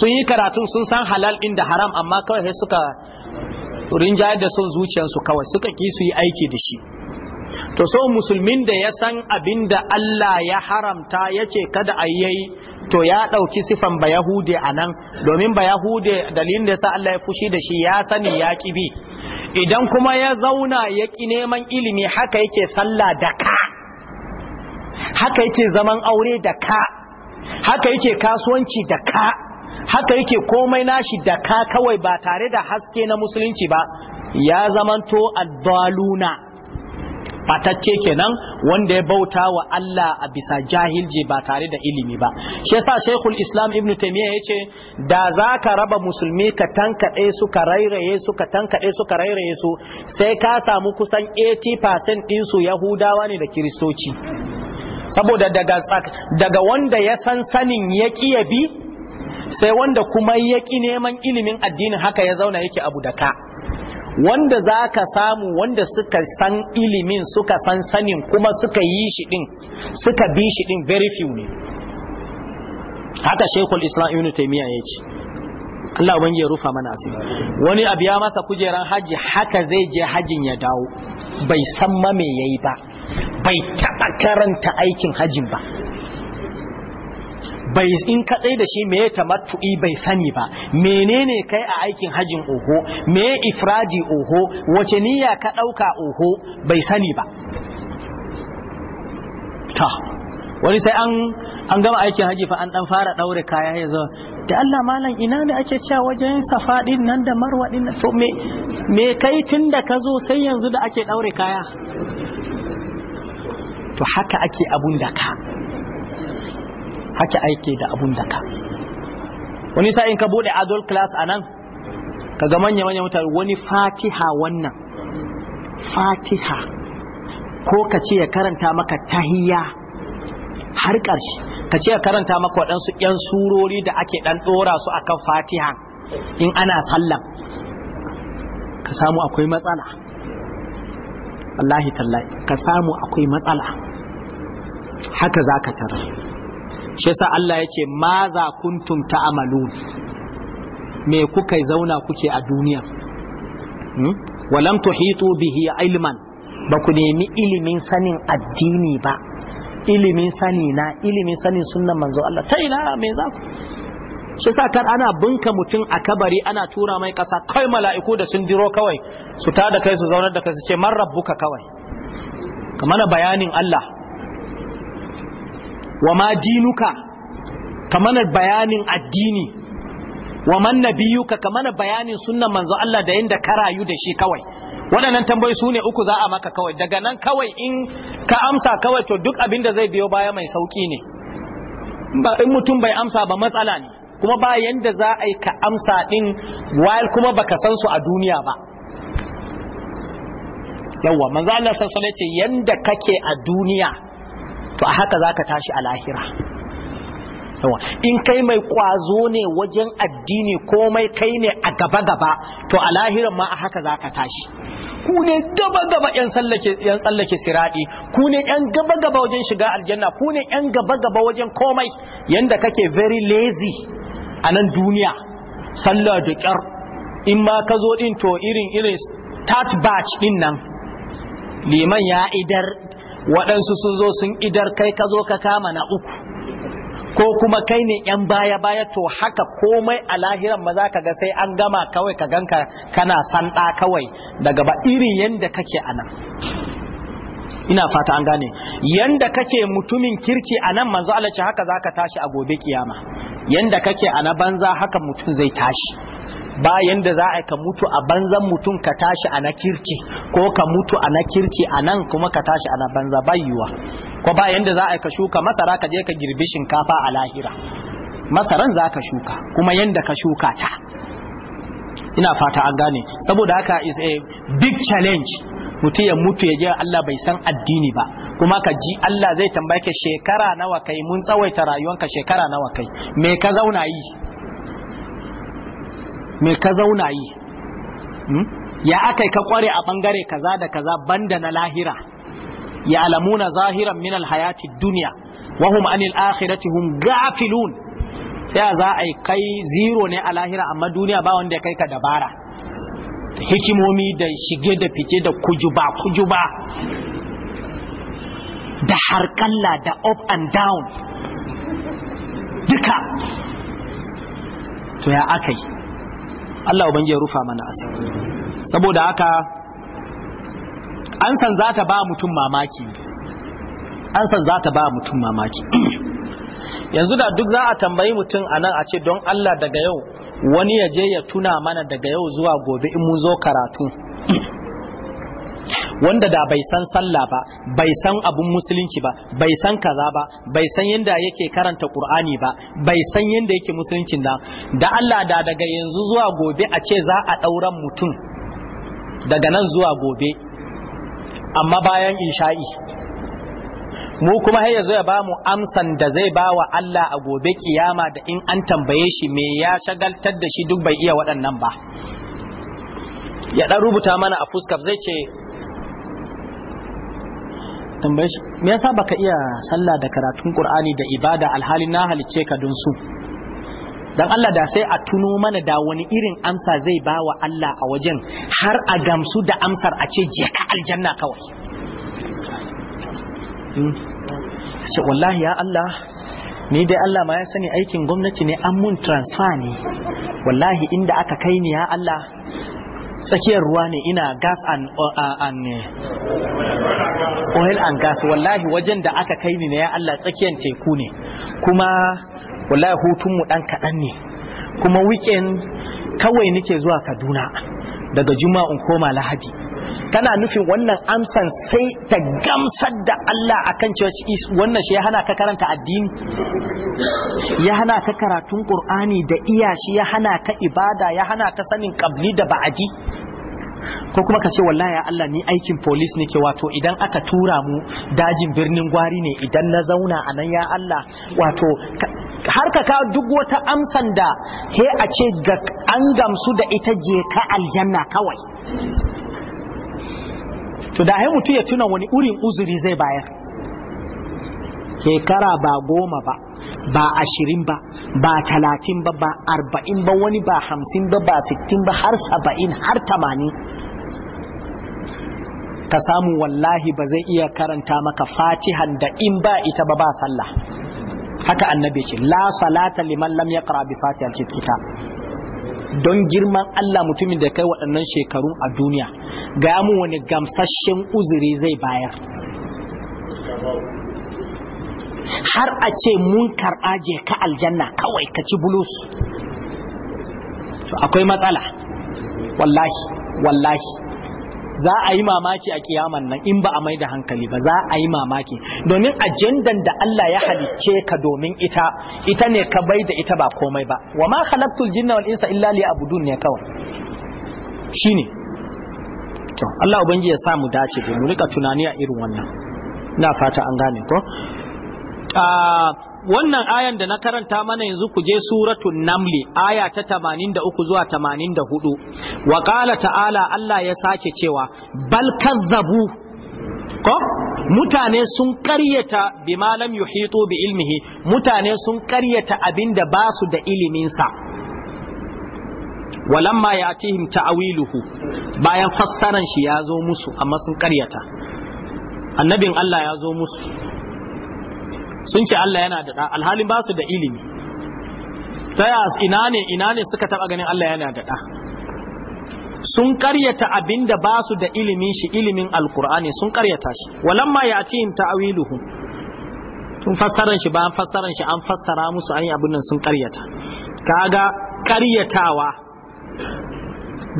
sun yi karatu sun san halal inda da haram amma kawai suka jayar da son zuciyarsu kawai suka ki su yi aiki da shi to so musulmin da ya san abin da Allah ya haramta ya ce kada a yi to ya ɗauki sifan ba Yahude a nan domin ba Yahude dalilin da ya sa Allah ya fushi da shi ya sani ya ki bi idan kuma ya zauna ya ki neman ilimi haka yake sallah da ka haka yake zaman aure da ka haka yake kasuwanci da ka haka yake komai nashi da ka kawai ba tare da haske na musulunci ba ya zamanto addaluna fatacce kenan wanda ya bauta wa Allah a bisa jahilje ba tare da ilimi ba shi yasa Sheikhul Islam Ibn Taymiyyah yace da zaka raba musulmi ka tankaɗe su ka rairaye su ka tankaɗe su ka rairaye su sai ka samu kusan 80% din su Yahudawa ne da Kiristoci saboda daga daga wanda ya san sanin ya bi sai wanda kuma yaki neman ilimin addinin haka ya zauna yake abu da ka wanda za ka samu wanda suka san ilimin suka san sanin kuma suka yi shi din suka bi shi din very few ne haka shekul islam ibn taimiyya ya ce Allah ubangi ya rufa mana asiri wani abu ya masa kujeran haji haka zai je hajin ya dawo bai san ma me yayi ba bai taba karanta aikin hajin ba bai in ka tsaye da shi me ya tamattu'i bai sani ba menene kai a aikin hajin oho me ifradi oho wace niyya ka ɗauka oho bai sani ba ta wani sai an an gama aikin haji fa an dan fara daure kaya ya zo da Allah malam ina ne ake cewa wajen safa din nan da marwa din to me me kai tunda ka zo sai yanzu da ake daure kaya to haka ake abun da ka haki aike da abun da ka wani sa'in ka bude adult class a nan ga manya manya mutane wani fatiha wannan fatiha ko ka ce ya karanta maka tahiya har ƙarshe ka ce ya karanta maka waɗansu 'yan surori da ake ɗan ɗora su akan fatiha in ana sallam ka samu akwai matsala wallahi tallahi ka samu akwai matsala haka zaka ka tarar shi yasa Allah ya ce ma za kuntum ta'malu me kuka zauna kuke a duniya hmm? wa lam tuhitu bihi ilman ba ku nemi ilimin sanin addini ba ilimin sani na ilimin sanin sunnan manzo Allah ta ina me za ku shi yasa kar ana binka mutum a kabari ana tura mai kasa kai mala'iku da sun diro kawai su ta kai su zaunar da kai su ce man rabbuka kawai kamar bayanin Allah wa ma dinuka kamar bayanin addini wa man nabiyuka kamar bayanin sunnan manzo Allah da yanda ka rayu da shi kawai waɗannan tambayi su ne uku za a maka kawai daga nan kawai in ka amsa kawai to duk abin da zai biyo baya mai sauki ne in mutum bai amsa ba matsala ne kuma ba yanda za a yi ka amsa ɗin while kuma baka san su a duniya ba yawwa manzo Allah sallallahu alaihi wasallam yace yanda kake a duniya to a haka za ka tashi a lahira in kai mai kwazo ne wajen addini komai kai ne a gaba-gaba to a lahiran ma a haka za ka tashi ku ne gaba-gaba 'yan tsallake siraɗi ku ne 'yan gaba-gaba wajen shiga aljanna ku ne 'yan gaba-gaba wajen komai yanda kake very lazy a nan duniya sallar da ƙyar in ma ka zo din to irin irin start batch din nan liman ya idar waɗansu sun zo sun idar kai ka zo ka kama na uku ko kuma kai ne yan baya baya to haka komai a lahiran ma za ka ga sai an gama kawai ka ganka kana sanda kawai daga ba irin yadda kake a nan ina fata an gane yanda kake mutumin kirki a nan manzo Allah haka za ka tashi a gobe kiyama yanda kake a na banza haka mutum zai tashi bayan da za a ka mutu a banzan mutum ka tashi a kirki ko ka mutu a kirki a nan kuma ka tashi a na banza bayuwa ko bayan da za a ka shuka masara ka je ka girbi shinkafa a lahira masaran za ka shuka kuma yanda ka shuka ta ina fata an gane saboda haka is a big challenge mutum ya mutu ya je Allah bai san addini ba kuma ka ji Allah zai tambaye ka shekara nawa kai mun tsawaita rayuwanka shekara nawa kai me ka zauna yi me ka zauna yi hmm? ya akai ka kware a bangare kaza da kaza banda na lahira ya alamuna zahiran min alhayati duniya wa hum anil akhirati hum gafilun sai za a kai zero ne a lahira amma duniya ba wanda ya kai ka dabara hikimomi da shige da fice da kujuba kujuba da harkalla da up and down duka to ya yi. Allah ubangi ya rufa mana asiri saboda haka an san za ta ba mutum mamaki an san za ta ba mutum mamaki yanzu da duk za a tambayi mutum a nan a ce don Allah daga yau wani ya je ya tuna mana daga yau zuwa gobe in mun zo karatu wanda da bai san sallah ba bai san abun musulunci ba bai san kaza ba bai san yadda yake karanta qur'ani ba bai san yadda yake musuluncin da da Allah da daga yanzu zuwa gobe a ce za a ɗauran mutum daga nan zuwa gobe amma bayan isha'i mu kuma har yazo ya ba mu amsan da zai ba wa Allah a gobe kiyama da in an tambaye shi me ya shagaltar da shi duk bai iya waɗannan ba ya ɗan rubuta mana a fuskaf zai ce tambaye shi me yasa baka iya sallah da karatun qur'ani da ibada alhali na halicce ka don su dan Allah da sai a tuno mana da wani irin amsa zai ba wa Allah a wajen har a gamsu da amsar a ce je ka aljanna kawai hmm. ce wallahi ya Allah ni dai Allah ma ya sani aikin gwamnati ne an mun transfer ne wallahi inda aka kai ni ya Allah tsakiyar ruwa ne ina gas uh, uh, and, oil and gas wallahi wajen da aka kai ni ne ya Allah tsakiyar teku ne kuma wallahi hutunmu dan kaɗan ne kuma weekend kawai nake zuwa kaduna daga juma'un koma lahadi kana nufin wannan amsan sai ta gamsar da Allah akan cewa wannan shi ya hana ka karanta addini ya hana ka karatun Qur'ani da iya shi ya hana ka ibada ya hana ka sanin kabli da ba'aji ko kuma ka ce wallahi ya Allah ni aikin police nake wato idan aka tura mu dajin birnin gwari ne idan na zauna a nan ya Allah wato har ka kawo duk wata amsan da he a ce an gamsu da ita je ka aljanna kawai to da ahi mutu ya tuna wani urin uzuri zai bayar shekara ba goma ba ba ashirin ba ba talatin ba ba arba'in ba wani ba hamsin ba ba sittin ba har saba'in har tamanin ka samu wallahi ba zai iya karanta maka fatihan da in ba ita ba ba sallah haka annabi ce la salata liman lam yaqra bi fatihatil kitab don girman Allah mutumin da kai waɗannan shekaru a duniya ga mu wani gamsashen uzuri zai bayar har a ce mun karɓa je ka aljanna kawai ka ci bulus to akwai matsala wallahi wallahi za a yi mamaki a kiyaman nan in ba a mai da hankali ba za a yi mamaki domin ajendan da Allah ya halicce ka domin ita ita ne ka bai da ita ba komai ba wa ma khalaqtul jinna wal insa illa liya'budun ne kawai shine to Allah ubangi ya sa mu dace da mu rika tunani a irin wannan na fata an gane ko ah, wannan ayan da na karanta mana yanzu ku je suratul namli aya ta 83 zuwa 84 wa qala ta'ala Allah ya sake cewa bal kazzabu ko mutane sun karyata bi malam yuhitu bi ilmihi mutane sun karyata abinda ba su da ilimin sa walamma yatihim ta'awiluhu bayan fassaran shi ya zo musu amma sun karyata annabin Allah ya zo musu sun ce Allah yana da alhalin ba su da ilimi ta ya ina ne ina ne suka taɓa ganin Allah yana da sun karyata abin da ba su da ilimin shi ilimin alkur'ani sun karyata shi walamma ya atihim ta'awiluhu tun fassaran shi bayan fassaran shi an fassara musu an yi abin nan sun karyata Ka ga karyatawa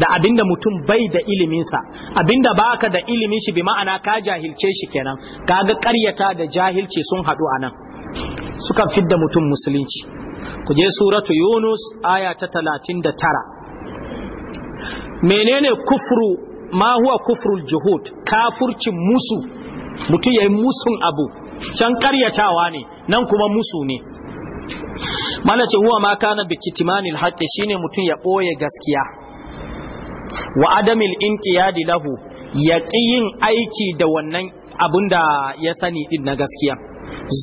da abinda mutum bai da iliminsa abinda baka da ilimin shi bi ma'ana ka jahilce shi kenan kaga ƙaryata da jahilce sun haɗu anan suka fidda mutum musulunci ku je suratu yunus aya ta talatin da tara menene kufru ma huwa kufrul juhud kafurcin musu mutum ya musun abu can ƙaryatawa ne nan kuma musu ne mana ce huwa ma kana bi kitimanil haqqi shine mutum ya ɓoye gaskiya wa adamil inqiyadi lahu ya yin aiki da wannan abin da ya sani din na gaskiya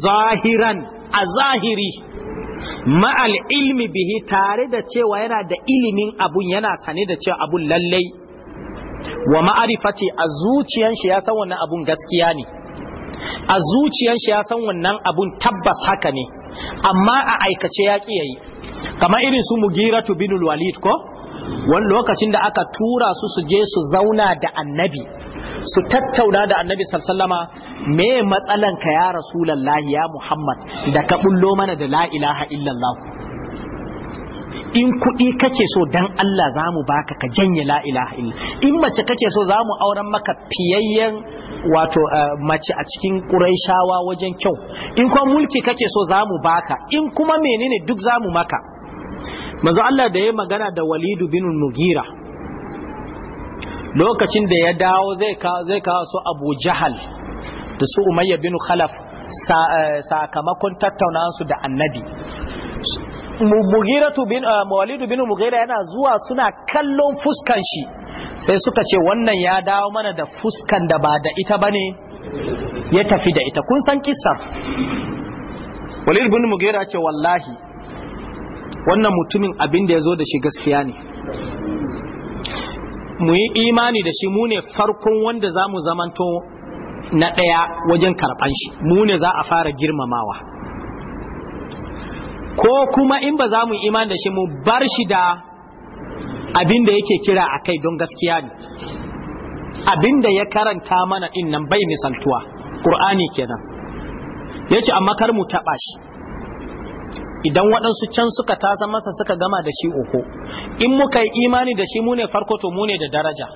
zahiran a zahiri ma'al ilmi bihi tare da cewa yana da ilimin abun yana sane da cewa abun lallai wa ma'arifati a zuciyan shi ya san wannan abun gaskiya ne a zuciyan shi ya san wannan abun tabbas haka ne amma a aikace ya yayi kamar irin su mugiratu binul walid ko wani lokacin da aka tura su su je su zauna da annabi su tattauna da annabi sallama me matsalan ka ya rasulallahi ya muhammad da ka bullo mana da la ilaha illallah in kuɗi kake so dan Allah za mu baka ka janye la ilaha illa in mace kake so za mu auren maka fiyayyen wato eh, mace a cikin ƙuraishawa wajen kyau in kuma mulki kake so za mu baka in kuma menene duk za mu maka manzo Allah da ya magana da walidu bin mugira lokacin da ya dawo zai zai kawo su abu jahal da su umayya bin khalaf eh, sakamakon tattaunawar su da annabi bin eh, walidu bin mugira yana zuwa suna kallon fuskan shi sai suka ce wannan ya dawo mana da fuskan da ba da ita bane ya tafi da ita kun san kisa. walid bin mugira ce wallahi wannan mutumin abin da ya zo da shi gaskiya ne mu yi imani da shi mu ne farkon wanda za mu zamanto na ɗaya wajen karɓan shi mu ne za a fara girmamawa ko kuma in ba za mu imani da shi mu bar shi da abin da yake kira a kai don gaskiya ne abin da ya karanta mana in nan bai misaltuwa ƙur'ani kenan ya ce amma kar mu taɓa shi idan waɗansu can suka tasa masa suka gama da shi uku in muka yi imani da shi mu ne farko to mu ne da daraja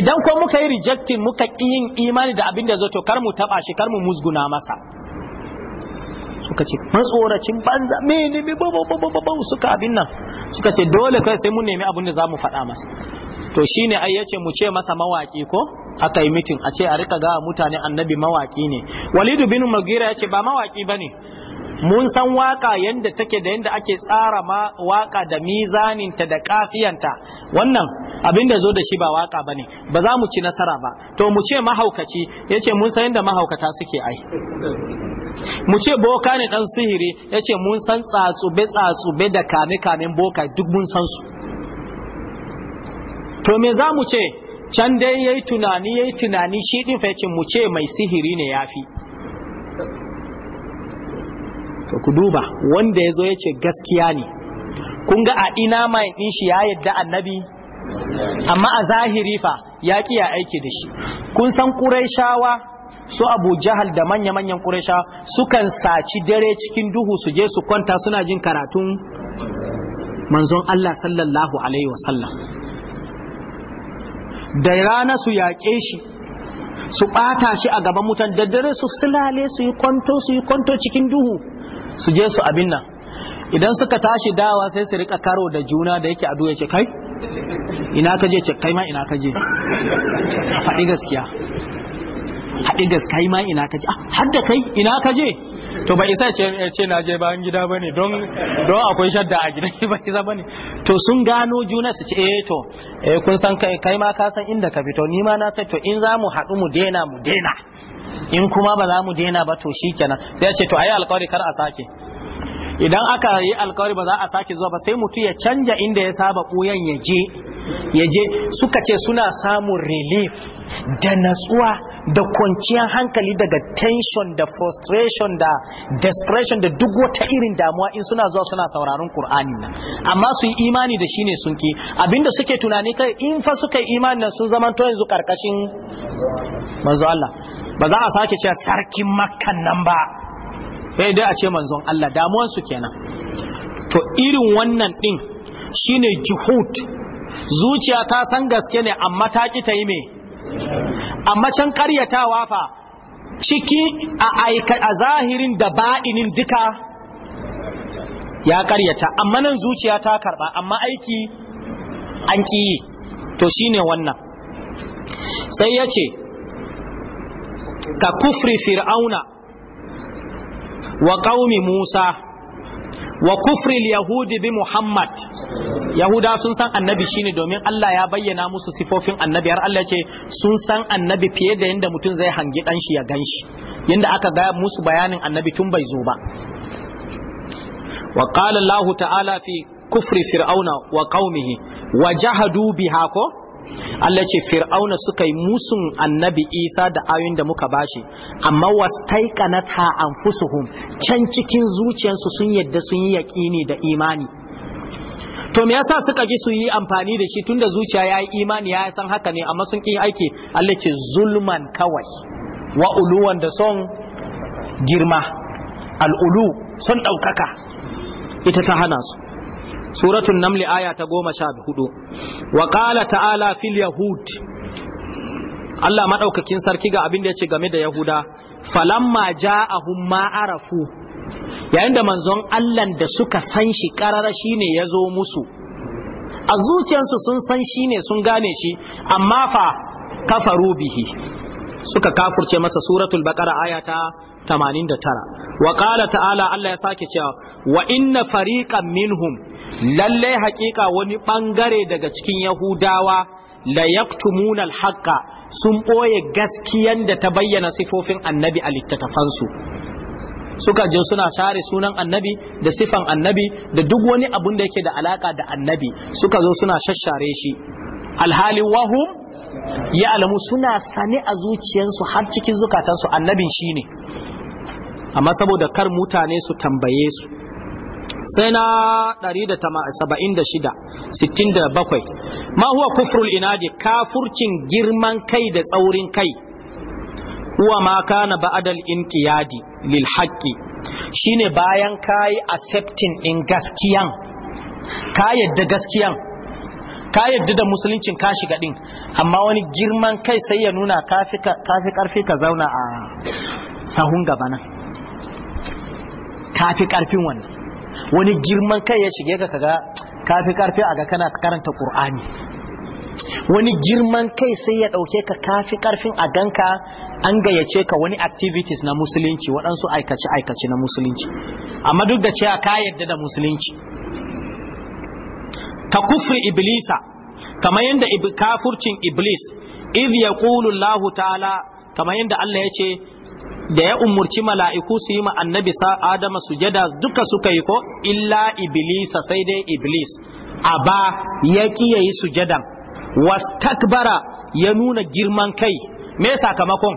idan ko muka yi rejectin muka ƙi yin imani da abin da zo to kar mu taɓa shi kar mu musguna masa suka ce matsoracin banza mene bi bababababau suka abin nan suka ce dole kai sai mun nemi abin da za mu faɗa masa to shine ai yace mu ce masa mawaki ko aka yi mitin a ce a rika ga mutane annabi mawaki ne walidu bin mugira yace ba mawaki bane mun san waka yadda take da yadda ake tsara ma waka da mizaninta da kafiyanta wannan abin da zo da shi ba waka ba ne ba za mu ci nasara ba to mu ce mahaukaci yace ce mun san yadda mahaukata suke ai mu ce boka ne dan sihiri yace ce mun san tsatsube tsatsube da kame kamen boka duk mun san su to me za mu ce can dai yayi tunani yayi tunani shi din fa ya mu ce mai sihiri ne ya fi. to ku duba wanda ya zo ya ce gaskiya ne kun ga a ina mai shi ya yadda annabi amma a zahiri fa ya kiya aiki da shi kun san ƙuraishawa su abu jahal da manya-manyan ƙuraisha sukan saci dare cikin duhu su je su kwanta suna jin karatun manzon Allah sallallahu alaihi wasallam da rana su yaƙe shi su ɓata shi a gaban mutan da dare su silale su yi kwanto su yi kwanto cikin duhu su je su abin nan idan suka tashi dawa sai su rika karo da juna da yake ado ya kai ina ka je ce kai ma ina ka je faɗi gaskiya haɗi gaska yi ma ina kaje ah hadda kai ina ka je to ba isa ce ce na je bayan gida ba don don akwai shadda a gidan ba isa ne to sun gano juna su ce eh to eh kun san kai ma ka san inda ka fito ni ma na sai to in za mu haɗu mu dena mu dena in kuma ba za mu dena ba to shi kenan sai ya ce to ayi alƙawari kar a sake idan aka yi alkawari ba za a sake zuwa ba sai mutum ya canja inda ya saba buyan ya je ya je suka ce suna samun relief da natsuwa da kwanciyar hankali daga tension da frustration da desperation da duk wata irin damuwa in suna zuwa suna sauraron qur'ani nan amma su yi imani da shine sun ki abinda suke tunani kai in fa suka yi imani nan sun zama to yanzu karkashin manzo Allah ba za a sake cewa sarkin makkan nan ba sai eh, dai a ce manzon Allah damuwar su kenan to irin wannan din shine juhud zuciya ta san gaske ne amma ta ki ta yi me amma can karyatawa fa ciki a aika a zahirin da ba'inin duka ya karyata amma nan zuciya ta karba amma aiki an kiyi to shine wannan sai yace ce ka kufri fir'auna wa qaumi Musa wa kufri yahudi bi Muhammad Yahuda sun san annabi shine domin Allah ya bayyana musu sifofin annabi har Allah ce sun san annabi fiye da yanda mutum zai hangi dan shi ya ganshi yanda aka ga musu bayanin annabi tun bai zo ba wa qala ta'ala fi kufri fir'auna wa qaumihi wa jahadu biha ko Allah ce fir'auna suka yi musun annabi isa da ayoyin da muka bashi amma wastaiqanata anfusuhum can cikin zuciyarsu sun yadda sun yi yaƙini da imani to me yasa suka ji su yi amfani da shi tunda zuciya ya yi imani ya san haka ne amma sun kin aiki Allah ce zulman kawai wa uluwan da son girma al'ulu son ɗaukaka ita ta hana su suratul namli aya ta goma sha hudu wa qala ta'ala fil yahud Allah madaukakin sarki ga abin da ya ce game da yahuda falamma ja'ahum ma arafu yayin da manzon Allah da suka san shi karara shine ya zo musu a zuciyarsu sun san shine sun gane shi amma fa kafaru bihi suka kafurce masa suratul baqara aya ta 89 wa qala ta'ala Allah ya sake cewa wa inna fariqan minhum lalle haƙiƙa wani bangare daga cikin yahudawa la yaktumuna alhaqa sun boye gaskiyan da ta bayyana sifofin annabi a littattafansu suka je suna share sunan annabi da sifan annabi da duk wani abun da yake da alaka da annabi suka zo suna shashare shi alhali wahum ya alamu suna sane a zuciyarsu har cikin zukatansu annabin shi ne amma saboda kar mutane su tambaye su sai na 176 67 ma huwa kufrul inadi kafurcin girman kai da tsaurin kai huwa ma kana ba'adal inqiyadi lil haqqi shine bayan kai accepting in gaskiyan ka yadda gaskiyan ka yadda da musuluncin ka shiga din amma wani girman kai sai ya nuna kafi karfi ka zauna a sahun gaba nan kafi karfin wannan wani girman kai ya shige ka kaga kafi karfi a ga kana karanta qur'ani wani girman kai sai ya dauke ka kafi karfin a ganka an gayyace ka wani activities na musulunci waɗansu aikace aikace na musulunci amma duk da cewa ka yarda da musulunci ka kufri iblisa kamar yadda kafurcin iblis iz yaqulu Allah ta'ala kamar yadda Allah ya ce da ya umurci mala'iku su yi ma annabi Adama sujada duka suka yi ko illa iblisa sai dai iblis aba ya ki yayi sujadan wastakbara ya nuna girman kai me sakamakon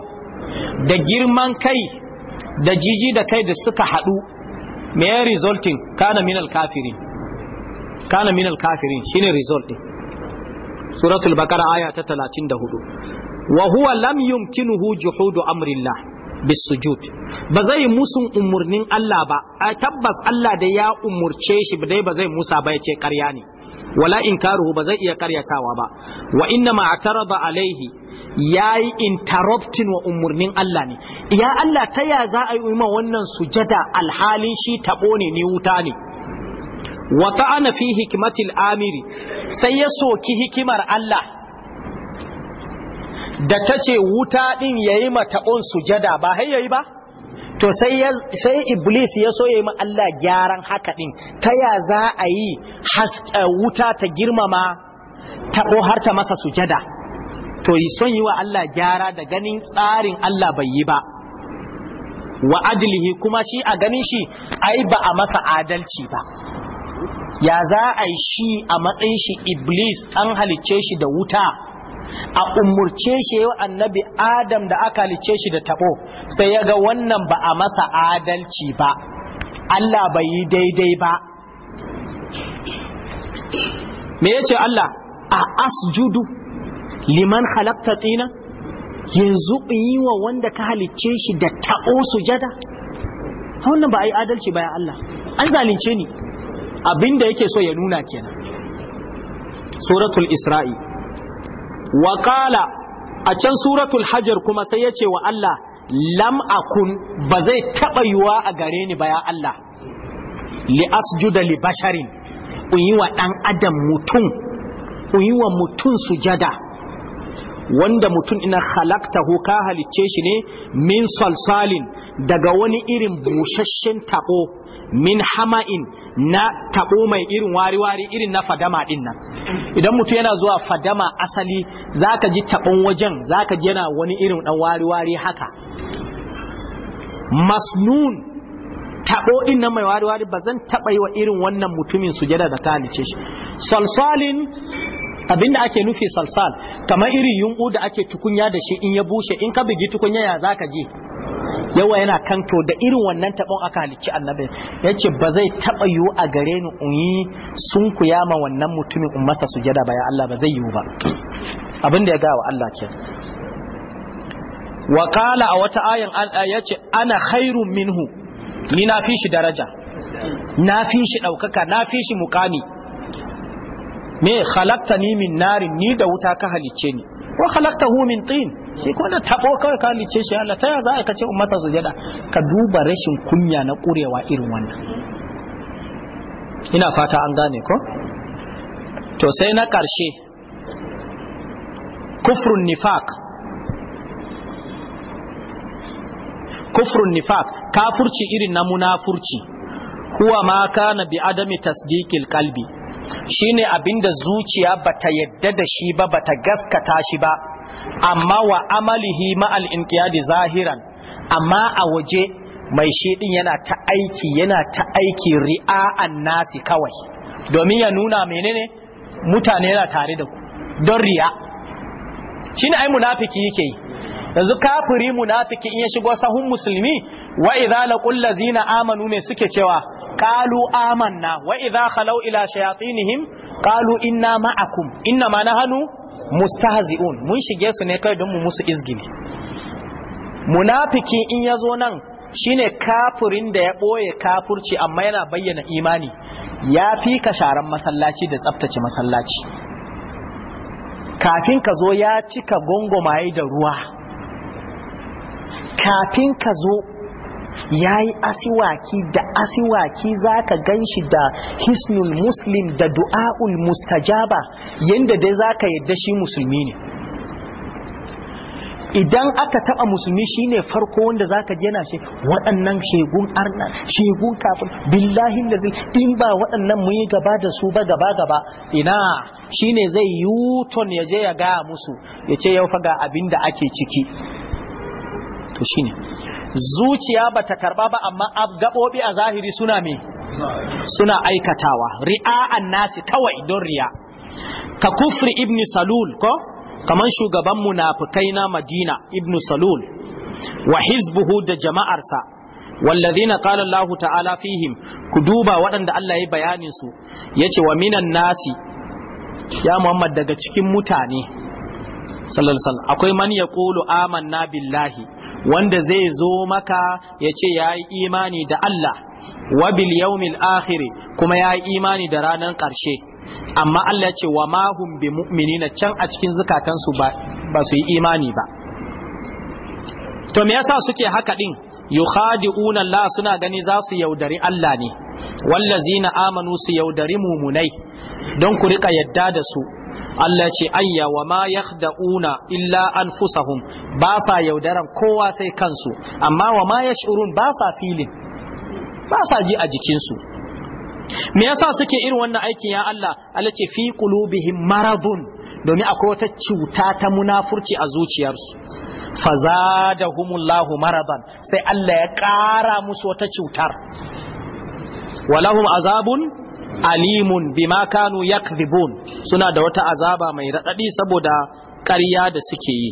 da girman kai da jiji da kai da suka hadu me resulting kana minal kafirin kana minal kafirin shine resulting suratul bakara aya ta 34 wa huwa lam yumkinuhu juhudu amrillah bis sujud ba zai musun umurnin Allah ba a tabbas Allah da ya umurce shi ba dai ba zai musa ba ce karya ne wala inkaruhu ba zai iya karyatawa ba wa inna ma atarada alaihi yayi interrupting wa umurnin Allah ne ya Allah ta ya za a yi ma wannan sujada alhalin shi tabo ne ni wuta ne wata ana fi hikimatil amiri sai ya soki hikimar Allah da ta ce wuta ɗin ya yi mata'un sujada ba yayi ba to sai iblis ya so ya yi Allah gyaran haka ɗin ta ya za a yi wuta ta girmama taɓo har ta masa sujada to yi son yi wa Allah gyara da ganin tsarin Allah bai yi ba wa ajilihi kuma shi a ganin shi ai ba a masa adalci ba ya za a yi shi a matsayin shi iblis an halicce shi da wuta a umurce shi yau annabi adam da aka halicce shi da tabo sai ya ga wannan ba a masa adalci ba Allah bai yi daidai ba me yace Allah a asjudu liman halakta tsina yanzu yi wa wanda ka halicce shi da tabo sujada wannan ba a yi adalci ba ya Allah an zalunce ni abinda yake so ya nuna kenan suratul isra'i wa qala a can suratul hajar kuma sai ya ce wa Allah lam akun ba zai taba yiwa a gare ni ba ya Allah li asjuda li basharin in yi wa dan adam mutum in yi wa mutum sujada wanda mutum ina halaktahu ka halicce shi ne min salsalin daga wani irin busasshen tabo min hama'in na tabo mai irin wari-wari irin na fadama din nan idan mutu yana zuwa fadama asali zaka ji tabon wajen zaka ji yana wani irin dan wari-wari haka masnun tabo din nan mai wari-wari ba zan taba yi wa irin wannan mutumin sujada da ta halice shi salsalin abinda ake nufi salsal kamar irin yunku da ake tukunya da shi in ya bushe in ka bigi tukunya ya zaka je yawa yana kanto da irin wannan tabon aka halicci annabi yace ba zai taba yiwu a gare ni in yi sun kuyama wannan mutumin in masa sujada ba ya Allah ba zai yiwu ba abinda ya ga Allah ke wa kala a wata ayan yace ana khairun minhu ni na fi shi daraja na fi shi daukaka na fi shi mukami me khalaqta ni min narin ni da wuta ka halicce ni wa hu min tin shi ko da tabo kawai ka halicce shi Allah ta ya za ka ce ummasa jada ka duba rashin kunya na kurewa irin wannan ina fata an gane ko to sai na karshe kufrun nifaq kufrun nifaq kafurci irin na munafurci huwa ma kana bi adami tasdiqil qalbi shine abinda zuciya bata yadda da shi ba bata gaskata shi ba amma wa amalihi ma'al inqiyadi zahiran amma a waje mai shi din yana ta aiki yana ta aiki ri'a'an nasi kawai domin ya nuna menene mutane yana tare da ku don riya shine ai munafiki yake yi yanzu kafiri munafiki in ya shigo sahun musulmi wa idza laqul ladina amanu me suke cewa qalu amanna wa idha khalau ila shayatinihim qalu inna ma'akum inna ma hannu mustahzi'un mun shige su ne kai don mu musu izgili munafiki in yazo nan shine kafirin da ya boye kafurci amma yana bayyana imani ya fi ka sharan masallaci da tsaftace masallaci kafin ka zo ya cika gongomaye da ruwa kafin ka zo ya yi asiwaki da asiwaki za ka gan shi da hisnul muslim da du'a'ul mustajaba yadda dai za ka yadda shi musulmi ne idan aka taɓa musulmi shine farko wanda za ka jena shi waɗannan shegun arna shegun kafin billahi da zai in ba waɗannan mu yi gaba da su ba gaba gaba ina shine zai yuton ya je ya gaya musu ya ce yau faga abin da ake ciki to shi ne. zuciya ba ta karba ba amma gaɓoɓi a zahiri suna me suna aikatawa ri'a'an nasi kawai don riya ka kufri ibn salul ko shugabanmu shugaban munafikai na madina ibn salul wa hizbuhu da jama'arsa والذين قال ta'ala fihim. Ku duba waɗanda Allah ya bayanin su yace wa minan nasi ya Muhammad daga cikin mutane sallallahu alaihi wasallam akwai man yaqulu amanna billahi wanda zai zo maka ya ce ya yi imani da Allah wa bil yawmil akhir kuma ya yi imani da ranar ƙarshe amma Allah ya ce wa ma hum bi mu'minina can a cikin zukatansu ba ba su yi imani ba to me yasa suke haka din yukhadi'una Allah suna gani za su yaudari Allah ne wallazina amanu su yaudari mumunai don ku rika yadda da su Allah ce ayya wa ma yakhda'una illa anfusahum ba sa yaudaran kowa sai kansu amma wa ma yash'urun ba sa filin ba sa ji a jikinsu me yasa suke irin wannan aikin ya Allah Allah ce fi qulubihim maradun domin akwai wata cuta ta munafurci a zuciyarsu fazadahumullahu maradan sai Allah ya ƙara musu wata cutar walahum azabun alimun bima kanu yakdhibun suna da wata azaba mai radadi saboda ƙarya da suke yi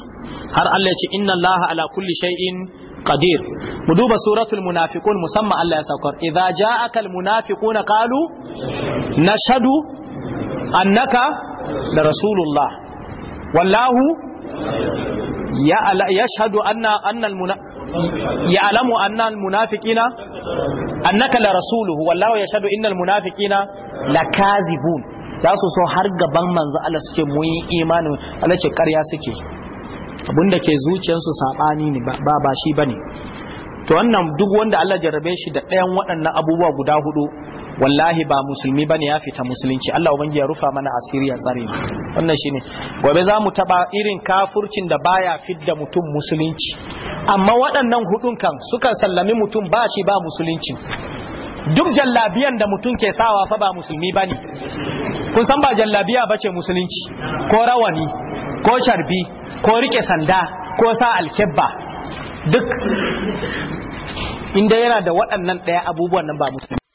har Allah ya ce inna Allah ala kulli shay'in qadir mu duba suratul munafiqun musamman Allah ya saukar idza ja'aka al munafiquna qalu nashhadu annaka da rasulullah wallahu ya yashhadu anna anna al ya alamu al munafiqina annaka la rasuluhu wallahu yashhadu innal munafiqina lakazibun za su so har gaban manzo Allah suke mun yi imanin Allah ce ƙarya suke abinda ke zuciyarsu sabani ne ba ba shi bane to wannan duk wanda Allah jarrabe shi da ɗayan waɗannan abubuwa guda hudu wallahi ba musulmi bane ya fita musulunci Allah ubangiji ya rufa mana asiri ya tsare wannan shine gobe za mu taba irin kafurcin da baya fidda mutum musulunci amma waɗannan hudun kan sukan sallami mutum ba shi ba musulunci duk jallabiyan da mutum ke sawa fa ba musulmi bane kun san ba jallabiya bace musulunci ko rawani ko sharbi ko rike sanda ko sa alkebba duk inda yana da waɗannan ɗaya abubuwan nan ba musulmi